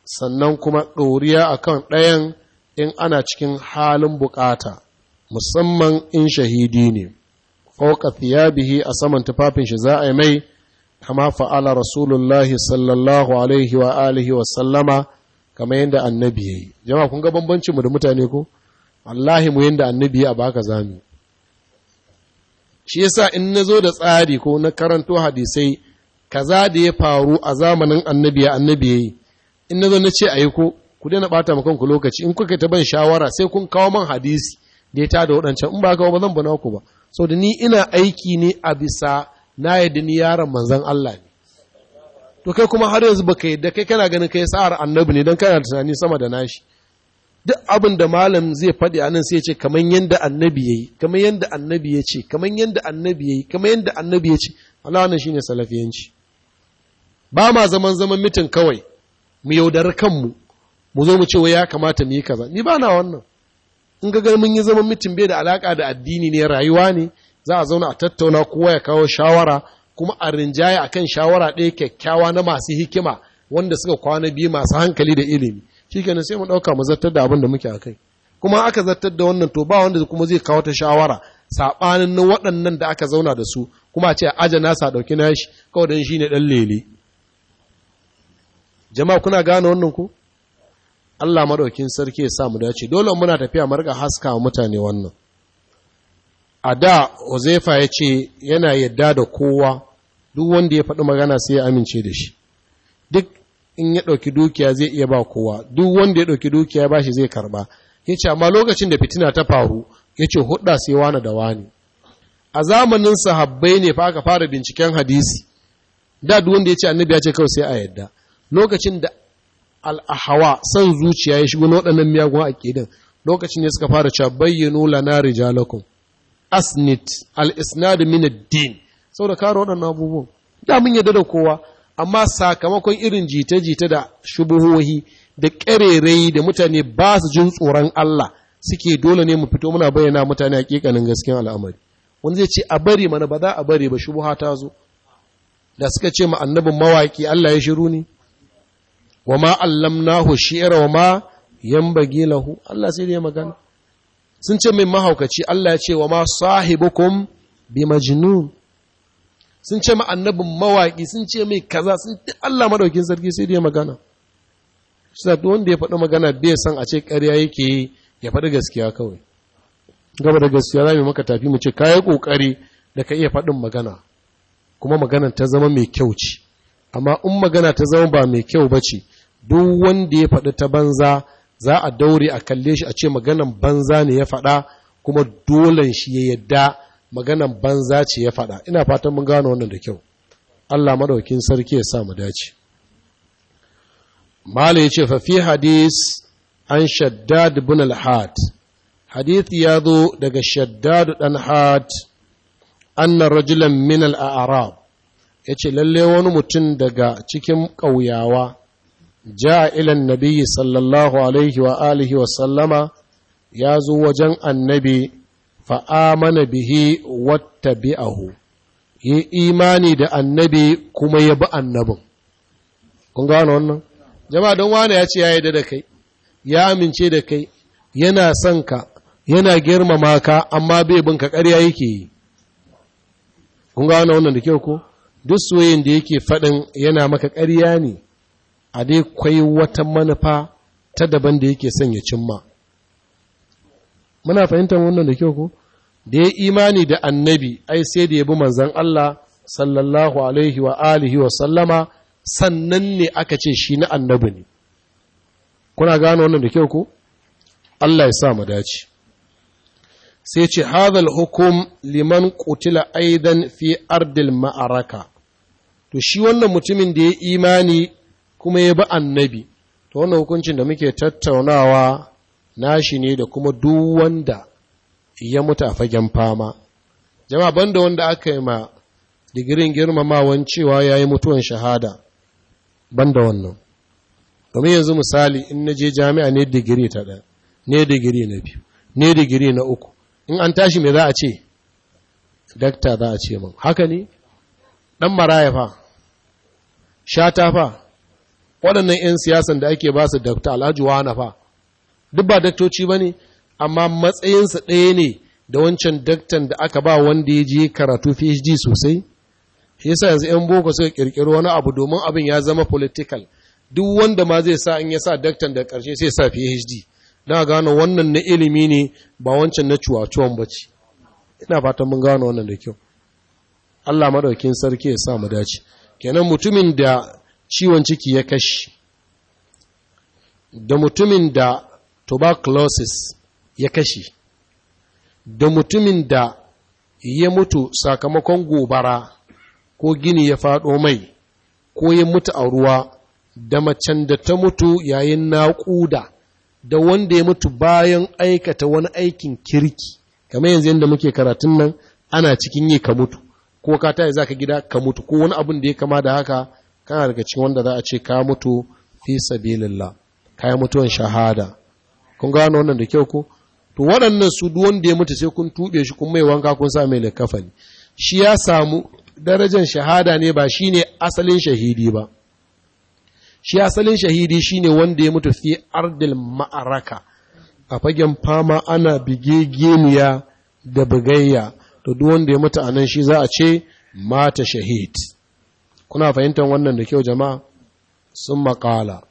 sannan kuma ɗoriya akan ɗayan in ana cikin halin bukata musamman in shahidi ne fauka thiyabihi a saman tufafin shi za a yi mai kama fa'ala rasulullahi sallallahu alaihi wa alihi wa sallama kama yadda annabi ya yi jama kun ga bambancin mu da mutane ko wallahi mu yadda annabi ya baka zami shi yasa in na zo da tsari ko na karanto hadisai kaza da ya faru a zamanin annabi ya annabi ya yi in na zo na ce ayi ko ku daina ɓata ma kanku lokaci in kuka ta ban shawara sai kun kawo man hadisi da ya tada waɗancan in ba kawo ba zan ba naku ba so da ni ina aiki ne a bisa na yadda ni yaron manzan Allah ne to kai kuma har yanzu baka yadda kai kana ganin kai sa'ar annabi ne dan kana tunani sama da nashi duk abin da malam zai faɗi anan sai ya ce kamar yadda annabi ya yi kamar yadda annabi ya ce kamar yadda annabi ya yi kamar yadda annabi ya ce Allah wannan ne salafiyanci ba ma zaman zaman mitin kawai mu yaudari kanmu mu zo mu ce wai ya kamata mu yi kaza ni ba na wannan in ga mun yi zaman mitin bai da alaƙa da addini ne rayuwa ne za a zauna a tattauna kowa ya kawo shawara kuma a rinjaye kan shawara ɗaya kyakkyawa na masu hikima wanda suka kwana biyu masu hankali da ilimi shi kenan sai mu ɗauka mu zartar da abin da muke kai. kuma aka zartar da wannan to ba wanda kuma zai kawo ta shawara saɓanin na waɗannan da aka zauna da su kuma a ce aja nasa a ɗauki nashi kawai don shi ne ɗan lele jama'a kuna gane wannan ku Allah maɗaukin sarki ya sa mu dace dole muna tafiya mu riga haska wa mutane wannan a da uzaifa ya ce yana yadda da kowa duk wanda ya faɗi magana sai ya amince da shi duk in ya ɗauki dukiya zai iya ba kowa duk wanda ya ɗauki dukiya ba shi zai karba ya ce amma lokacin da fitina ta faru ya ce hudda sai wani da wani a zamanin sahabbai ne fa aka fara binciken hadisi da duk wanda ya ce annabi ya ce kawai sai a yadda lokacin da al'ahawa son zuciya ya shigo na waɗannan miyagun aƙidan lokacin ne suka fara cewa bayyano lana rijalakum asnit al-isnad min ad-din saboda kare waɗannan abubuwan da mun yadda da kowa amma sakamakon irin jita-jita da shubuhohi da ƙarerai da mutane ba su jin tsoron Allah suke dole ne mu fito muna bayyana mutane hakikanin gaskiyar al'amari wani zai ce a bari mana ba za a bari ba shubuha ta zo da suka ce ma annabin mawaki Allah ya shiru ne wa ma allamnahu shi'ra wa ma yanbaghi lahu Allah sai da ya magana sun ce min mahaukaci Allah ya ce wa ma sahibukum bi majnun sun ce ma annabin mawaƙi sun ce mai kaza sun ce Allah madaukin sarki sai dai magana shi wanda ya faɗi magana bai san a ce ƙarya yake ya faɗi gaskiya kawai gaba da gaskiya za mu maka tafi mu ce kayan ƙoƙari da ka iya faɗin magana kuma magana ta zama mai kyau ce amma in magana ta zama ba mai kyau ba ce duk wanda ya faɗi ta banza za a daure a kalle shi a ce maganan banza ne ya faɗa kuma dolan shi ya yadda maganan banza ce ya faɗa ina fatan mun gano wannan da kyau Allah madaukin sarki ya sa mu dace mala ce fa fi hadis an shaddad ibn al-had hadisi ya zo daga shaddad dan had anna rajulan min al-a'rab yace lalle wani mutum daga cikin ƙauyawa ja ilan nabi sallallahu alaihi wa alihi wa sallama ya zo wajen annabi fa'amana bihi wata bi'ahu yi imani da annabi kuma ya bi annabin kun gano wannan jama'a don wane ya ce ya yi da kai ya amince da kai yana son ka yana girmama ka amma bai bin ka ƙarya yake yi kun gano wannan da kyau ko duk soyayyen da yake faɗin yana maka ƙarya ne a dai kwai wata manufa ta daban da yake son ya cimma muna fahimtar wannan da kyau ko da ya imani da annabi ai sai da ya bi manzan Allah sallallahu alaihi wa alihi wa sallama sannan ne aka ce shi na annabi ne kuna gano wannan da kyau ko Allah ya sa mu dace sai ce hadal hukum liman qutila aidan fi ardil ma'araka to shi wannan mutumin da ya imani kuma ya bi annabi to wannan hukuncin da muke tattaunawa nashi ne da kuma duk wanda ya mutu a fagen fama jama'a banda wanda aka yi ma digirin girmamawan cewa ya yi mutuwan shahada banda wannan domin yanzu misali in na je jami'a ne digiri ta ɗaya ne digiri na biyu ne digiri na uku in an tashi me za a ce dakta za a ce min. haka ne ɗan maraya fa shata fa waɗannan 'yan siyasan da ake ba su dakta alhaji na fa duk ba daktoci ba ne amma matsayinsa ɗaya ne da wancan daktan da aka ba wanda ya je karatu phd sosai shi yasa yanzu 'yan boko suka ƙirƙiri wani abu domin abin ya zama political duk wanda ma zai sa in ya sa daktan da ƙarshe sai sa phd na gano wannan na ilimi ne ba wancan na cuwacuwan ba ce ina fatan mun gano wannan da kyau Allah madaukin sarki ya sa mu dace kenan mutumin da ciwon ciki ya kashi da mutumin da tuberculosis ya kashi da mutumin da ya mutu sakamakon gobara ko gini ya faɗo mai ko ya mutu a ruwa da macen da ta mutu yayin naƙuda da wanda ya mutu bayan aikata wani aikin kirki kamar yanzu yadda muke karatun nan ana cikin yi ka mutu ko ka taya za ka gida ka mutu ko wani abun da ya kama da haka kana daga cikin wanda za a ce ka mutu fi sabilillah ka yi mutuwan shahada kun gano wannan da kyau ko to waɗannan su duk wanda ya mutu sai kun tuɓe shi kun mai wanka kun sa mai likafani shi ya samu darajar shahada ne ba shi ne asalin shahidi ba shi asalin shahidi shi ne wanda ya mutu fi ardil ma'araka a fagen fama ana bige geniya da bugayya to duk wanda ya mutu anan shi za a ce mata shahid kuna fahimtar wannan da kyau jama'a sun makala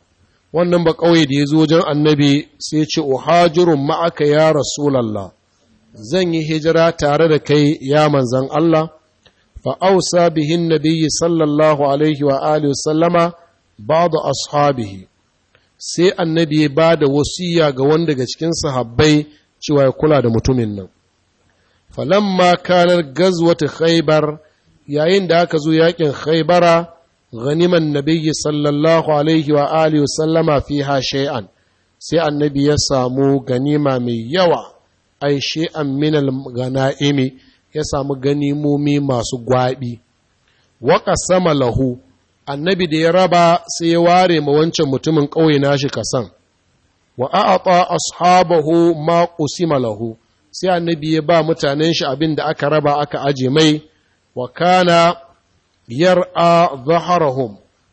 wannan ba ƙauye da ya zo wajen annabi sai ce uhajirun ma'aka ya rasulallah zan yi hijira tare da kai ya manzan Allah fa'ausa bihin nabiyyi sallallahu alaihi wa alihi sallama ba ashabihi sai annabi ya ba da wasiya ga wanda daga cikin sahabbai cewa ya kula da mutumin nan falamma kanar gazwata khaybar yayin da aka zo yakin khaybara ghaniman nabiyyi sallallahu alaihi wa alihi sallama fiha shay'an sai annabi ya samu ganima mai yawa ai shay'an min al-ghanaimi ya samu ganimomi masu gwabi wa qasama lahu annabi da ya raba sai ya ware ma wancan mutumin ƙauye nashi kasan wa a'ata ashabahu ma qusima lahu sai annabi ya ba mutanen shi abin da aka raba aka aje mai wa kana yar'a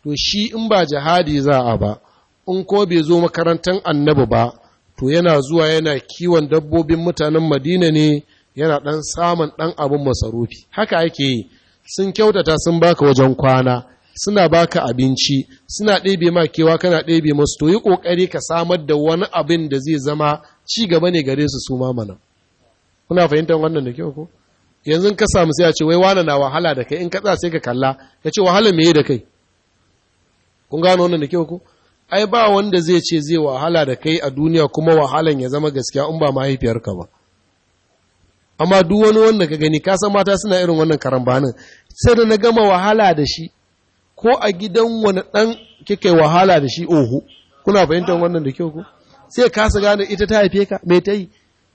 to shi in ba jihadi za a ba in ko bai zo makarantar annabi ba to yana zuwa yana kiwon dabbobin mutanen madina ne yana ɗan samun ɗan abin masarufi haka ake yi sun kyautata sun baka wajen kwana suna baka abinci suna ɗebe ma kewa kana ɗebe masu to yi ƙoƙari ka samar da wani abin da zai zama ci gaba ne gare su su ma mana kuna fahimtar wannan da kyau ko yanzu ka samu sai a ce wai wani na wahala da kai in ka sai ka kalla ya ce wahala me da kai kun gano wannan da kyau ko ai ba wanda zai ce zai wahala da kai a duniya kuma wahalan ya zama gaskiya in ba mahaifiyarka ba amma duk wani wanda ka gani ka san mata suna irin wannan karambanin sai da na gama wahala da shi ko a gidan wani dan kika wahala da shi oho kuna fahimtar wannan da kyau ko sai ka sa gane ita ta haife ka me ta yi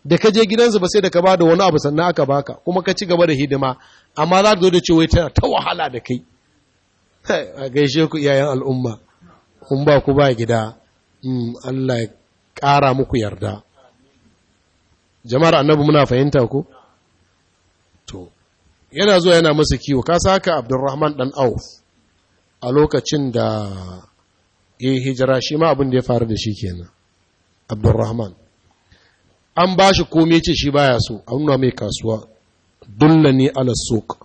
da ka je gidansu ba sai da ka ba da wani abu sannan aka baka kuma ka ci gaba da hidima amma za ta zo da cewa tana ta wahala da kai a gaishe ku iyayen al'umma kun ba ku ba gida hmm, Allah ya ƙara muku yarda jama'ar annabi muna fahimta ku? to yana zuwa yana masa kiwo ka saka abdurrahman dan auf a lokacin da ya hijira shi ma abin da ya faru da shi kenan abdurrahman an ba shi komai ce shi baya so a nuna mai kasuwa dulla ne ala sok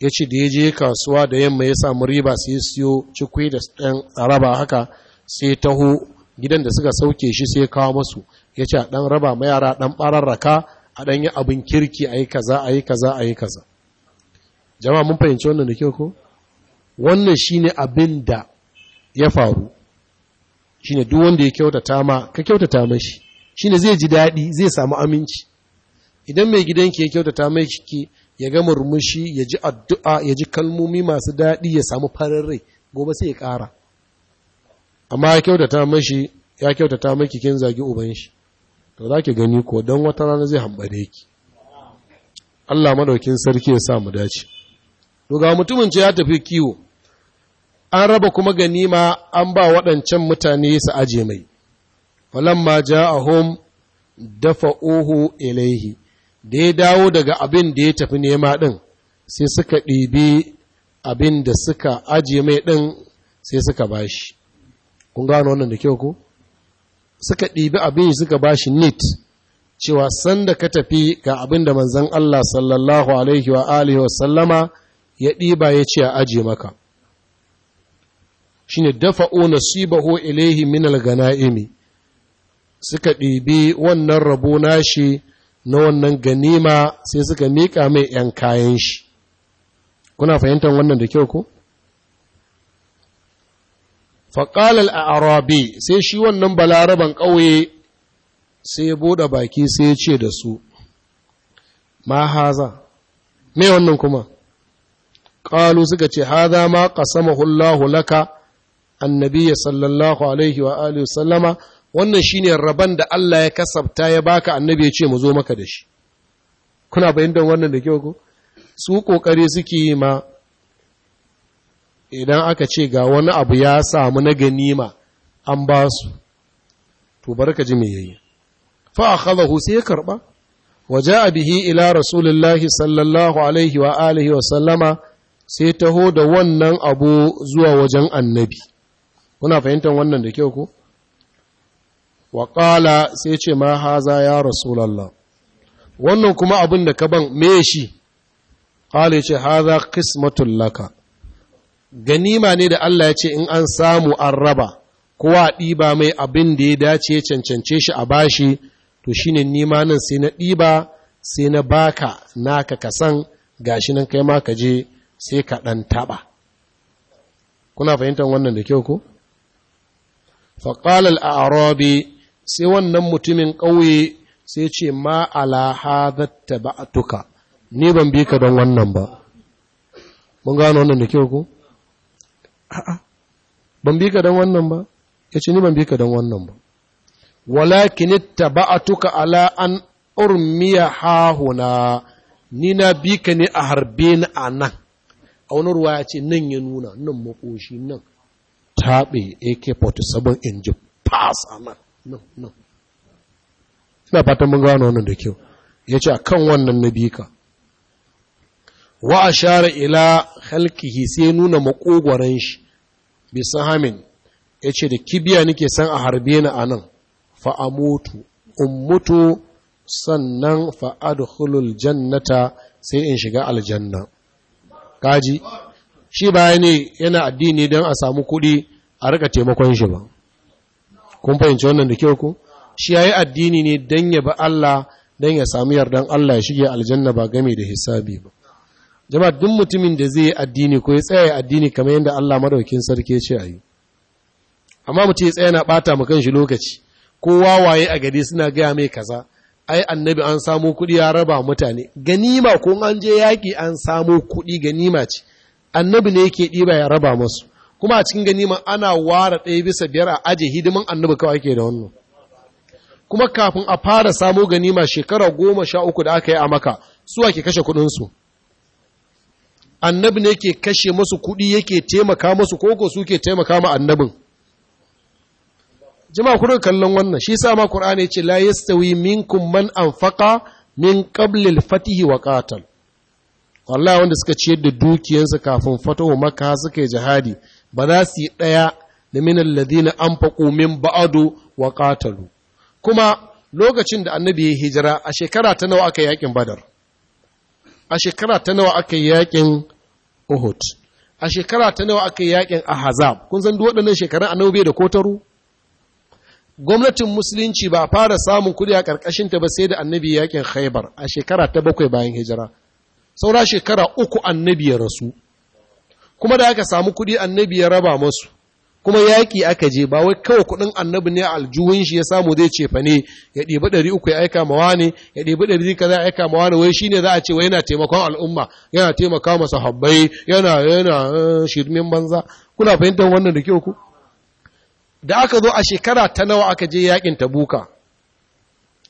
ya ce da ya je kasuwa da yamma ya samu riba sai siyo cikwai da ɗan tsaraba haka sai taho gidan da suka sauke shi sai kawo masu ya ce a ɗan raba ma yara ɗan ɓararraka a ɗan yi abin kirki a yi kaza a yi kaza a yi kaza jama'a mun fahimci wannan da kyau ko wannan shine abin da ya faru shine duk wanda ya kyautata ma ka kyautata mashi ne zai ji daɗi zai samu aminci idan mai gidanki ya kyautata mai kike ya ga murmushi ya ji addu'a ya ji kalmomi masu daɗi ya samu farin rai gobe sai ya ƙara amma ya kyautata mashi ya kyautata maki kin zagi uban shi to za ki gani ko don wata rana zai hambare ki Allah madaukin sarki ya sa mu dace to ga mutumin ce ya tafi kiwo an raba kuma ganima an ba waɗancan mutane su aje mai falamma dafa dafa'uhu ilaihi da ya dawo daga abin da ya tafi nema ɗin sai suka ɗibi abin da suka ajiye mai ɗin sai suka bashi kun gano wannan da kyau ko suka ɗibi abin da suka bashi nit cewa sanda ka tafi ga abin da manzon Allah sallallahu alaihi wa alihi wa sallama ya ɗiba ya ce a ajiye maka shine ba nasibahu ilaihi min al-ganaimi suka ɗibi wannan rabo nashi na wannan ganima sai suka miƙa mai ‘yan kayan shi kuna fahimtar wannan da kyau ko? faƙalar a arabi sai shi wannan balaraban ƙauye sai ya buɗe baki sai ya ce da su ma haza me wannan kuma ƙalu suka ce haza ma ƙasa mahullahu laka ya sallallahu alaihi wa alihi sallama wannan shine rabon da Allah ya kasabta ya baka annabi ya ce mu zo maka da shi kuna bayyantar wannan da kyau ko su kokari suke yi ma idan aka ce ga wani abu ya samu na ganima an ba su to barka ji me yayi fa akhadahu sai ya karba waja bihi ila rasulillahi sallallahu alaihi wa alihi wa sallama sai taho da wannan abu zuwa wajen annabi kuna fahimtar wannan da kyau ko wa ƙala sai ce ma haza ya rasulallah wannan kuma abin da ka ban me shi ƙala ce haza kismatun laka ganima ne da Allah ya ce in an samu an raba kowa ɗiba mai abin da ya dace ya cancance shi a bashi to shine nima nan sai na ɗiba sai na baka naka ka san gashi nan kai ma ka je sai ka ɗan taɓa kuna fahimtar wannan da kyau ko faƙalar Arobi. sai wannan mutumin ƙauye sai ce ma ala hadatta tuka ni ban bi ka don wannan ba mun gano wannan da kyau ko a'a ban bi ka don wannan ba yace ni ban bi ka don wannan ba walakin ittaba'atuka ala an urmiya hahuna ni na bi ka ne a harbe ni a nan a wani ruwa ya ce nan ya nuna nan makoshi nan taɓe ak-47 in ji fasa a nan nan nan ina fatan mun gano wannan da kyau ya ce a kan wannan na ka wa ashara ila halkihi sai nuna makogwaran shi bi sahamin ya ce da kibiya nake san a harbe ni a nan fa amutu in mutu sannan fa adkhulul jannata sai in shiga aljanna kaji shi baya ne yana addini don a samu kuɗi a rika taimakon shi ba kun fahimci wannan da kyau ko shi yayi addini ne dan ya ba Allah dan ya samu yardan Allah ya shige aljanna ba game da hisabi ba jama'a duk mutumin da zai yi addini ko ya tsaya addini kamar yadda Allah madaukin sarki ya ce ayi amma mutum ya tsaya na bata mu kan shi lokaci Kowa waye a gari suna gaya mai kaza ai annabi an samu kuɗi ya raba mutane ganima ko an je yaki an samo kuɗi ganima ce annabi ne yake ɗiba ya raba masu kuma a cikin ganima ana ware ɗaya bisa biyar a aje hidiman annabi kawai ke da wannan kuma kafin a fara samo ganima shekara goma sha uku da aka yi a maka su ke kashe kuɗinsu annabi ne ke kashe masu kuɗi yake taimaka masu koko su ke taimaka ma annabin jima ku kallon wannan shi sa ma ne ce la yastawi minkum man anfaqa min qabli al wa qatal wallahi wanda suka ciyar da dukiyarsa kafin fatahu makka suka yi jihadi ba za su yi ɗaya da minan ladina an faƙo min ba'adu wa ƙatalu kuma lokacin da annabi ya hijira a shekara ta nawa aka yi yaƙin badar a shekara ta nawa aka yi yaƙin uhud a shekara ta nawa aka yi yaƙin ahazab kun san duk waɗannan shekarun annabi da kotaru gwamnatin musulunci ba a fara samun kuɗi a ƙarƙashin ta ba sai da annabi yaƙin khaibar a shekara ta bakwai bayan hijira saura shekara uku annabi ya rasu kuma da aka samu kuɗi annabi ya raba masu kuma yaƙi aka je ba wai kawai kuɗin annabi ne aljuhun shi ya samu zai ce fa ne ya ɗebi ɗari uku ya aika ma wani ya ɗebi ɗari ka za a aika ma wani wai ne za a ce wa yana taimakon al'umma yana taimaka masa habbai yana yana eh, shirmin banza kuna fahimtar wannan da kyau ku da aka zo a shekara ta nawa aka je yaƙin tabuka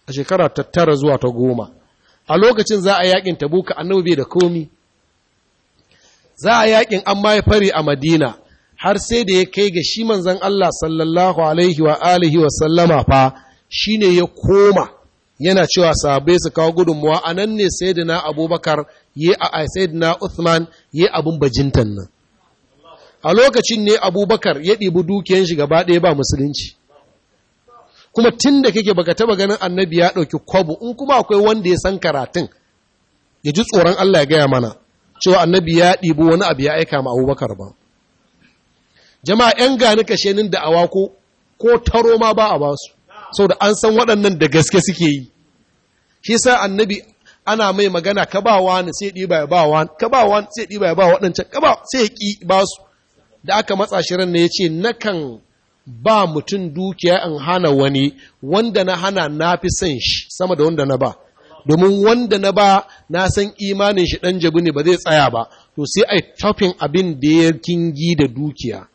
a shekara ta tara zuwa ta goma a lokacin za a yaƙin tabuka annabi bai da komi za a yakin an ma fari a madina har sai da ya kai ga shi manzan Allah sallallahu alaihi wa alihi wa sallama fa shine ya koma yana cewa sahabbai su kawo gudunmuwa a nan ne na abubakar yi a na uthman yi abun bajintan nan a lokacin ne abubakar ya ɗibi dukiyan shi gaba ɗaya ba musulunci kuma tun da kake baka taba ganin annabi ya ɗauki kwabo in kuma akwai wanda ya san karatun ya ji tsoron Allah ya gaya mana cewa annabi ya ɗibi wani abu ya aika ma abubakar ba jama'a 'yan gani nin da awa ko ko taro ma ba a basu sau da an san waɗannan da gaske suke yi shi sa annabi ana mai magana ka ba wani sai ɗiba ya ba wani ka ba wani sai ɗiba ya ba waɗancan ka ba sai ya ƙi ba da aka matsa shirin na ne ya ce nakan ba mutum dukiya in hana wani wanda na hana na fi son shi sama da wanda na ba domin wanda na ba na san imanin shi ɗan jabi ne ba zai tsaya ba to sai ai tafin abin da ya kingi da dukiya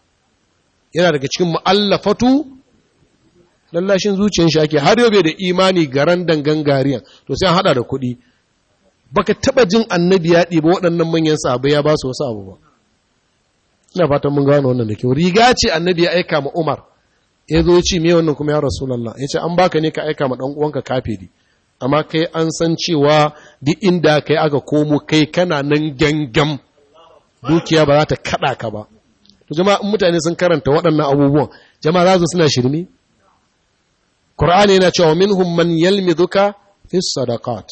yana daga cikin mu'allafatu lallashin zuciyar shi ake har yau bai da imani garan dangan gariyan to sai an hada da kuɗi baka taba jin annabi ya ɗiba waɗannan manyan sabu ya ba su wasu abu ba ina fatan mun gano wannan da kyau riga ce annabi ya aika ma Umar ya zo ya ce me wannan kuma ya lalla. ya ce an baka ne ka aika ma ɗan uwanka kafiri amma kai an san cewa duk inda kai aka komo kai kana nan gangan dukiya ba za ta kada ka ba to jama'a mutane sun karanta waɗannan abubuwan jama'a za su suna shirme Qur'ani yana cewa minhum man yalmizuka fi sadaqat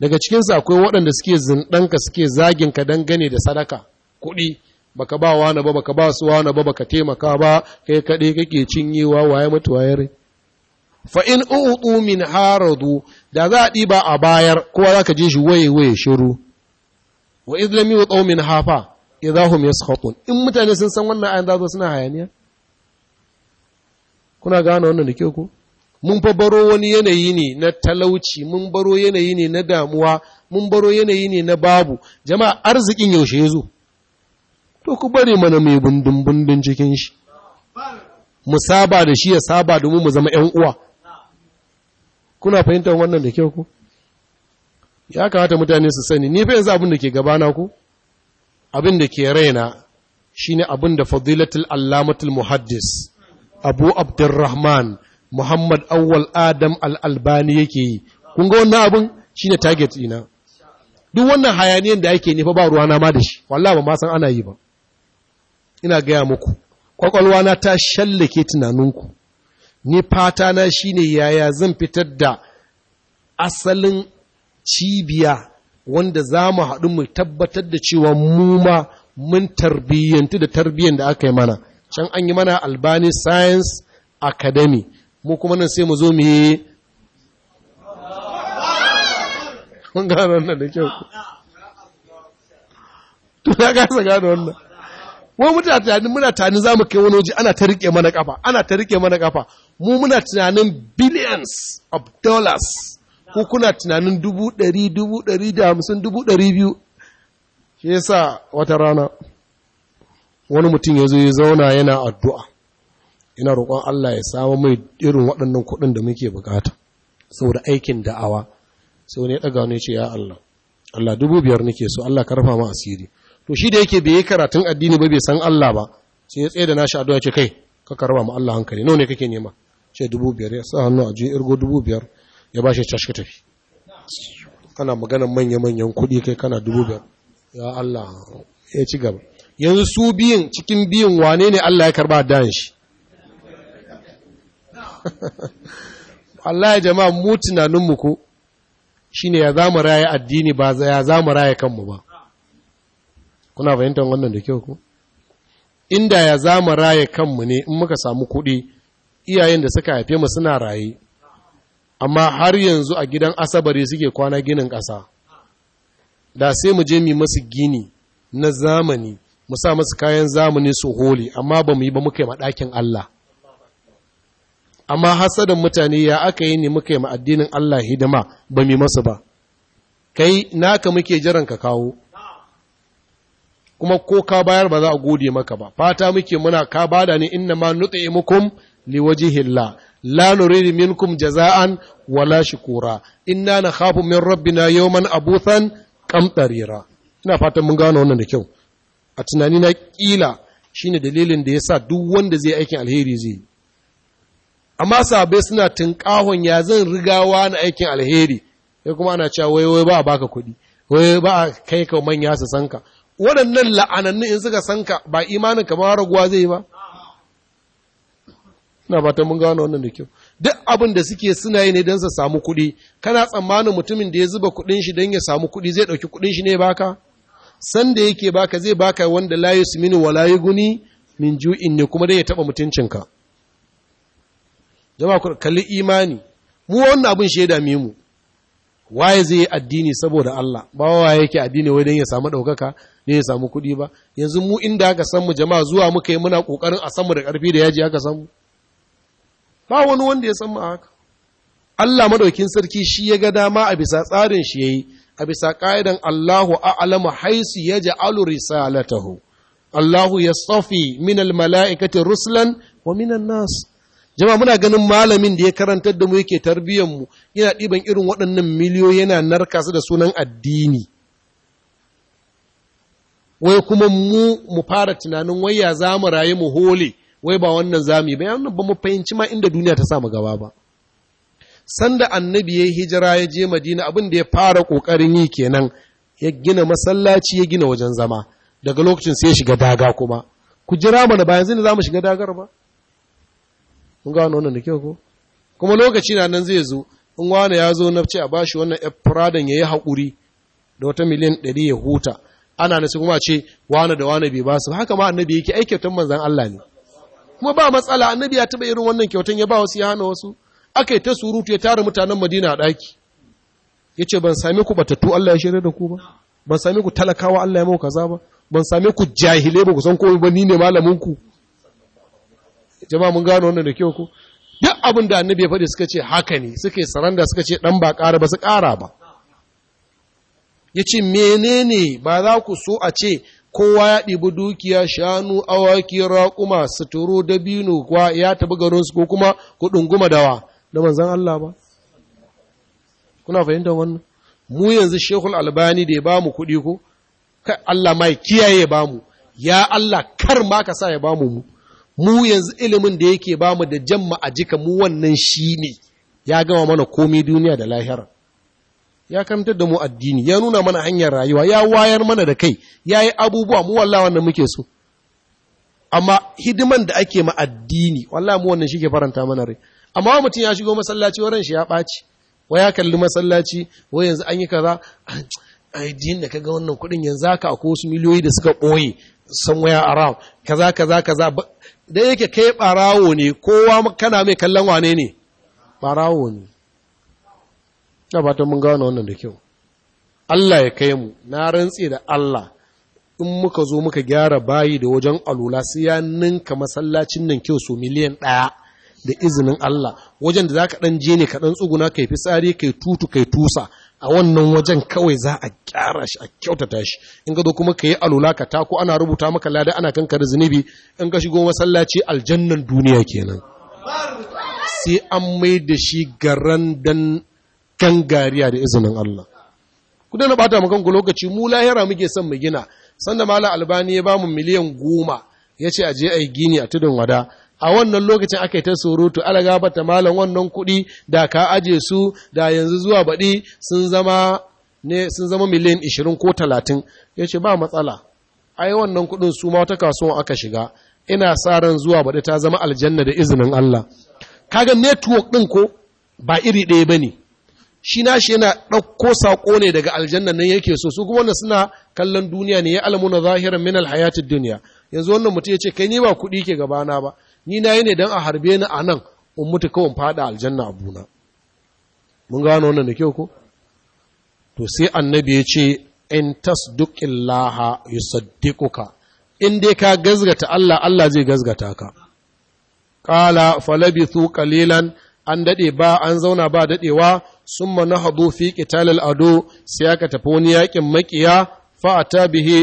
daga cikin su akwai waɗanda suke zindanka suke zagin ka dangane da sadaka kuɗi baka ba wani ba baka ba su wani ba baka taimaka ba kai kaɗai kake cinyewa waye mutu fa in u'u min haradu da za a ɗiba a bayar kowa za ka je shi waye waye shiru wa izlami wa min hafa idahum yaskhatun in mutane sun san wannan ayan zazo suna hayaniya kuna gane wannan da ke ku? mun fa baro wani yanayi ne na talauci mun baro yanayi ne na damuwa mun baro yanayi ne na babu jama'a arzikin yaushe ya zo to ku bari mana mai bundun bundun cikin shi mu saba da shi ya saba domin mu zama 'yan uwa kuna fahimtar wannan da kyau ku ya kamata mutane su sani ni fa yanzu abin da ke gabana ku abin da ke raina shine abin da fadilatul allamatul muhaddis abu abdurrahman muhammad awwal adam al-albani yake yi kun ga wannan abin shine target ina duk wannan hayaniyar da yake nufa ba na ma da shi wallahi ba ma san ana yi ba ina gaya muku kwakwalwa na ta shallake tunaninku ni fata na shine yaya zan fitar da asalin cibiya wanda za mu haɗu mu tabbatar da cewa mu ma mun tarbiyyantu da tarbiyyar da aka yi mana can an yi mana albani science academy mu kuma nan sai mu zo mu yi gano wannan da kyau wannan wani mutane muna tani za mu kai wani waje ana ta riƙe mana ƙafa ana ta riƙe mana ƙafa mu muna tunanin billions of dollars ko kuna tunanin dubu ɗari dubu ɗari da hamsin dubu ɗari biyu shi yasa wata rana wani mutum ya zo ya zauna yana addu'a ina roƙon Allah ya samu mai irin waɗannan kuɗin da muke bukata saboda aikin da'awa sau ne ɗaga wani ce ya Allah Allah dubu biyar nake so Allah karfa ma asiri to shi da yake bai karatun addini ba bai san Allah ba sai ya tsaye da nashi addu'a ce kai ka karba ma Allah hankali nawa ne kake nema ce dubu biyar ya sa hannu a ji irgo dubu biyar ya ba shi cashka tafi kana magana manya-manyan kuɗi kai kana dubu biyar ya Allah ya ci gaba yanzu su biyun cikin biyun wane ne Allah ya karba dan shi Allah ya jama'a mu tunaninmu ko shine ya zamu raye addini ba ya zamu raye kanmu ba kuna fahimtar wannan da kyau ko inda ya zamu raye kanmu ne in muka samu kuɗi iyayen da suka haife mu suna raye amma har yanzu a gidan asabari suke kwana ginin ƙasa da sai mu je mu musu gini na zamani mu sa musu kayan zamani su holi amma ba mu yi ba muka yi madakin Allah amma hasadin mutane ya aka yi ne muka yi addinin Allah hidima ba mu yi musu ba kai naka muke jiran ka kawo kuma ko ka bayar ba za a gode maka ba fata muke muna ka bada ne inna ma nutse mukum لا la منكم جزاء jaza'an wala shukura inna من min يوما yawman كم qamtarira ina fatan mun gano wannan da kyau a tunani na kila shine dalilin da yasa duk wanda zai aikin alheri zai amma sabai suna tunkahon ya zan rigawa na aikin alheri sai kuma ana cewa wai wai ba a baka kuɗi wai ba a kai ka manya su sanka waɗannan la'anannu in suka sanka ba imanin ka ma raguwa zai ba ina ba ta mun gano wannan da kyau duk abin da suke suna yi ne don su samu kuɗi kana tsammanin mutumin da ya zuba kuɗin shi don ya samu kuɗi zai ɗauki kuɗin shi ne baka san da yake baka zai baka wanda su mini wa layu guni min ju'in ne kuma dai ya taɓa mutuncinka jama'a ku kalli imani mu wannan abin shi ya dame mu waye zai yi addini saboda Allah ba waye yake addini wai don ya samu ɗaukaka ne ya samu kuɗi ba yanzu mu inda aka san mu jama'a zuwa muka yi muna ƙoƙarin a san mu da ƙarfi da yaji aka san mu ba wani wanda ya san ma haka Allah madaukin sarki shi ya ga dama a bisa tsarin shi yayi a bisa ka'idan Allahu a'lamu haisu yaj'alu risalatahu Allahu yasafi min al-mala'ikati wa min annas jama'a muna ganin malamin da ya karantar da mu yake tarbiyyar mu yana ɗiban irin waɗannan miliyoyi yana narka da sunan addini wai kuma mu mu fara tunanin wai ya za mu rayu mu hole wai ba wannan zami ba yana ba mu fahimci ma inda duniya ta samu gaba ba sanda annabi ya hijira ya je madina abin da ya fara kokarin yi kenan ya gina masallaci ya gina wajen zama daga lokacin sai ya shiga daga kuma ku jira mana ba yanzu ne za mu shiga dagar ba mun ga wannan da kyau ko kuma lokaci na nan zai zo in wani ya zo na ce a bashi wannan efradan ya yi haƙuri da wata miliyan ɗari ya huta ana nasu kuma ce wani da wani bai su. haka ma annabi yake aikatan manzan Allah ne kuma ba matsala annabi ya taɓa irin wannan kyautan ya ba wasu ya hana wasu aka yi ta surutu ya tara mutanen madina a ɗaki ya ce ban sami ku batattu Allah ya shirya da ku ba ban sami ku talakawa Allah ya mau kaza ba ban sami ku jahile ba ku san komai ba ni ne malamin ku jama'a mun gano wannan da kyau ko duk abin da annabi ya faɗi suka ce haka ne suka yi saranda suka ce dan ba ƙara ba su ƙara ba ya ce menene ba za ku so a ce kowa ya ɗibi dukiya shanu awaki raƙuma suturu dabino kuwa ya tabi garinsu ko kuma ku ɗunguma dawa da manzan Allah ba kuna fahimtar wannan mu yanzu shekul albani da ya ba mu kuɗi ko Allah mai kiyaye ba mu ya Allah kar ma ka sa ya ba mu mu mu yanzu ilimin da yake ba mu da jamma a jika mu wannan shi ne ya gama mana komi duniya da lahira ya karantar da mu addini ya nuna mana hanyar rayuwa ya wayar mana da kai ya yi abubuwa mu wallah wannan muke so amma hidiman da ake ma addini wallah mu wannan shi ke faranta mana rai amma wa mutum ya shigo masallaci wa shi ya ɓaci Wa ya kalli masallaci wa yanzu an yi kaza addinin da kaga wannan kuɗin yanzu haka akwai wasu miliyoyi da suka ɓoye San somewhere around kaza kaza kaza da yake kai ɓarawo ne kowa kana mai kallon wane ne ɓarawo ne na ba ta mun gano wannan da kyau Allah ya kai mu na rantse da Allah in muka zo muka gyara bayi da wajen alula sai ya ninka masallacin nan kyau so miliyan ɗaya da izinin Allah wajen da za ka ɗan je ne ka ɗan tsuguna kai fitsari kai tutu kai tusa a wannan wajen kawai za a gyara shi a kyautata shi in ka zo kuma kai yi alula ka tako ana rubuta maka lada ana da zunubi in ka shigo masallaci aljannan duniya kenan sai an mai da shi garan dan gariya da izinin Allah ku dana bata mu kanku lokaci mu lahira muke son mu gina sanda malam albani ya bamu miliyan goma ya ce a je a gini a tudun wada a wannan lokacin aka yi ta surutu ala ta malam wannan kuɗi da ka aje su da yanzu zuwa baɗi sun zama ne sun zama miliyan ishirin ko talatin ya ce ba matsala ai wannan kuɗin su ma wata kasuwan aka shiga ina sa ran zuwa baɗi ta zama aljanna da izinin Allah kaga network ɗin ko ba iri ɗaya ba ne shi nashi yana ɗauko saƙo ne daga aljanna nan yake so su kuma suna kallon duniya ne ya alamuna zahiran min alhayatid duniya yanzu wannan mutum ya ce kai ni ba kuɗi ke gabana ba ni na yi ne don a harbe ni a nan in mutu kawai faɗa aljanna a buna. mun gano wannan da kyau ko to sai annabi ya ce in ya yusaddiquka in dai ka gazgata Allah Allah zai gazgata ka qala falabithu Kalilan an dade ba an zauna ba dadewa sun ma na hadu fi ƙitalil ado sai aka tafi wani yakin makiya maƙiya fa'ata bihi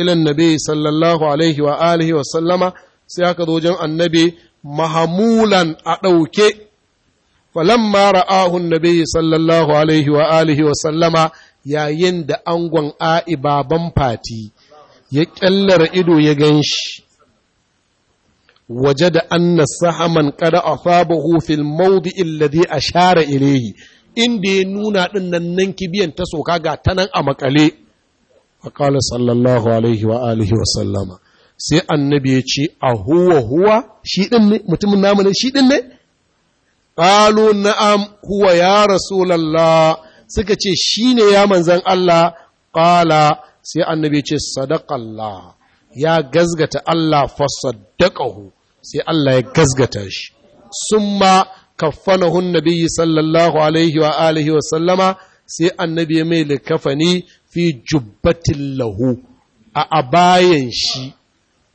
ilan nabi sallallahu alaihi wa alihi wa sallama sai aka zo wajen annabi mahamulan a ɗauke falamma ra'ahun nabi sallallahu alaihi wa alihi wa sallama yayin da angon a'i baban fati ya ƙyallara ido ya ganshi waje da an anna sahaman kada a fabahu fil maudi a share ilayhi inda ya nuna ɗin nan nan kibiyan ta soka ga ta nan a makale faƙalar sallallahu alaihi wa alihi wa sallama sai annabi ya ce a huwa huwa shi ɗin ne mutumin namu ne shi ɗin ne ƙalo na'am huwa ya rasulallah suka ce shi ne ya manzan Allah ƙala sai annabi ya ce sadaƙallah ya gazgata Allah fasaddaqahu sai Allah ya gazgata shi Sun ma kaffanahun Nabi sallallahu alaihi wa alihi wa sallama sai annabi ya mai likafani fi jubbatin lahu a abayan shi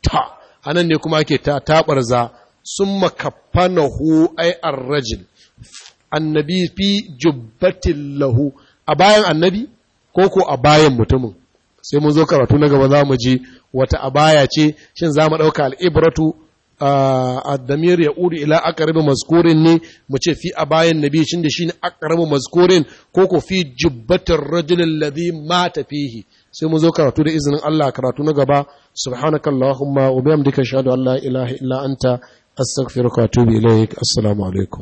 ta anan ne kuma ake ta tabarza sun makaffanahu ai arrajin annabi fi jubbatin lahu a bayan annabi ko ko a bayan mutumin sai mun zo karatu na gaba za mu ji wata abaya ce shin za mu ɗauka al'ibratu damir ya uri ila akarabi mazkurin ne mu ce fi a bayan nabi shin da shi shine akarabi mazkurin ko ko fi jubbatar rajulin ladhi mata fihi sai mu zo karatu da izinin Allah karatu na gaba subhanaka allahumma wa bihamdika ashhadu an la ilaha illa Asalamu alaikum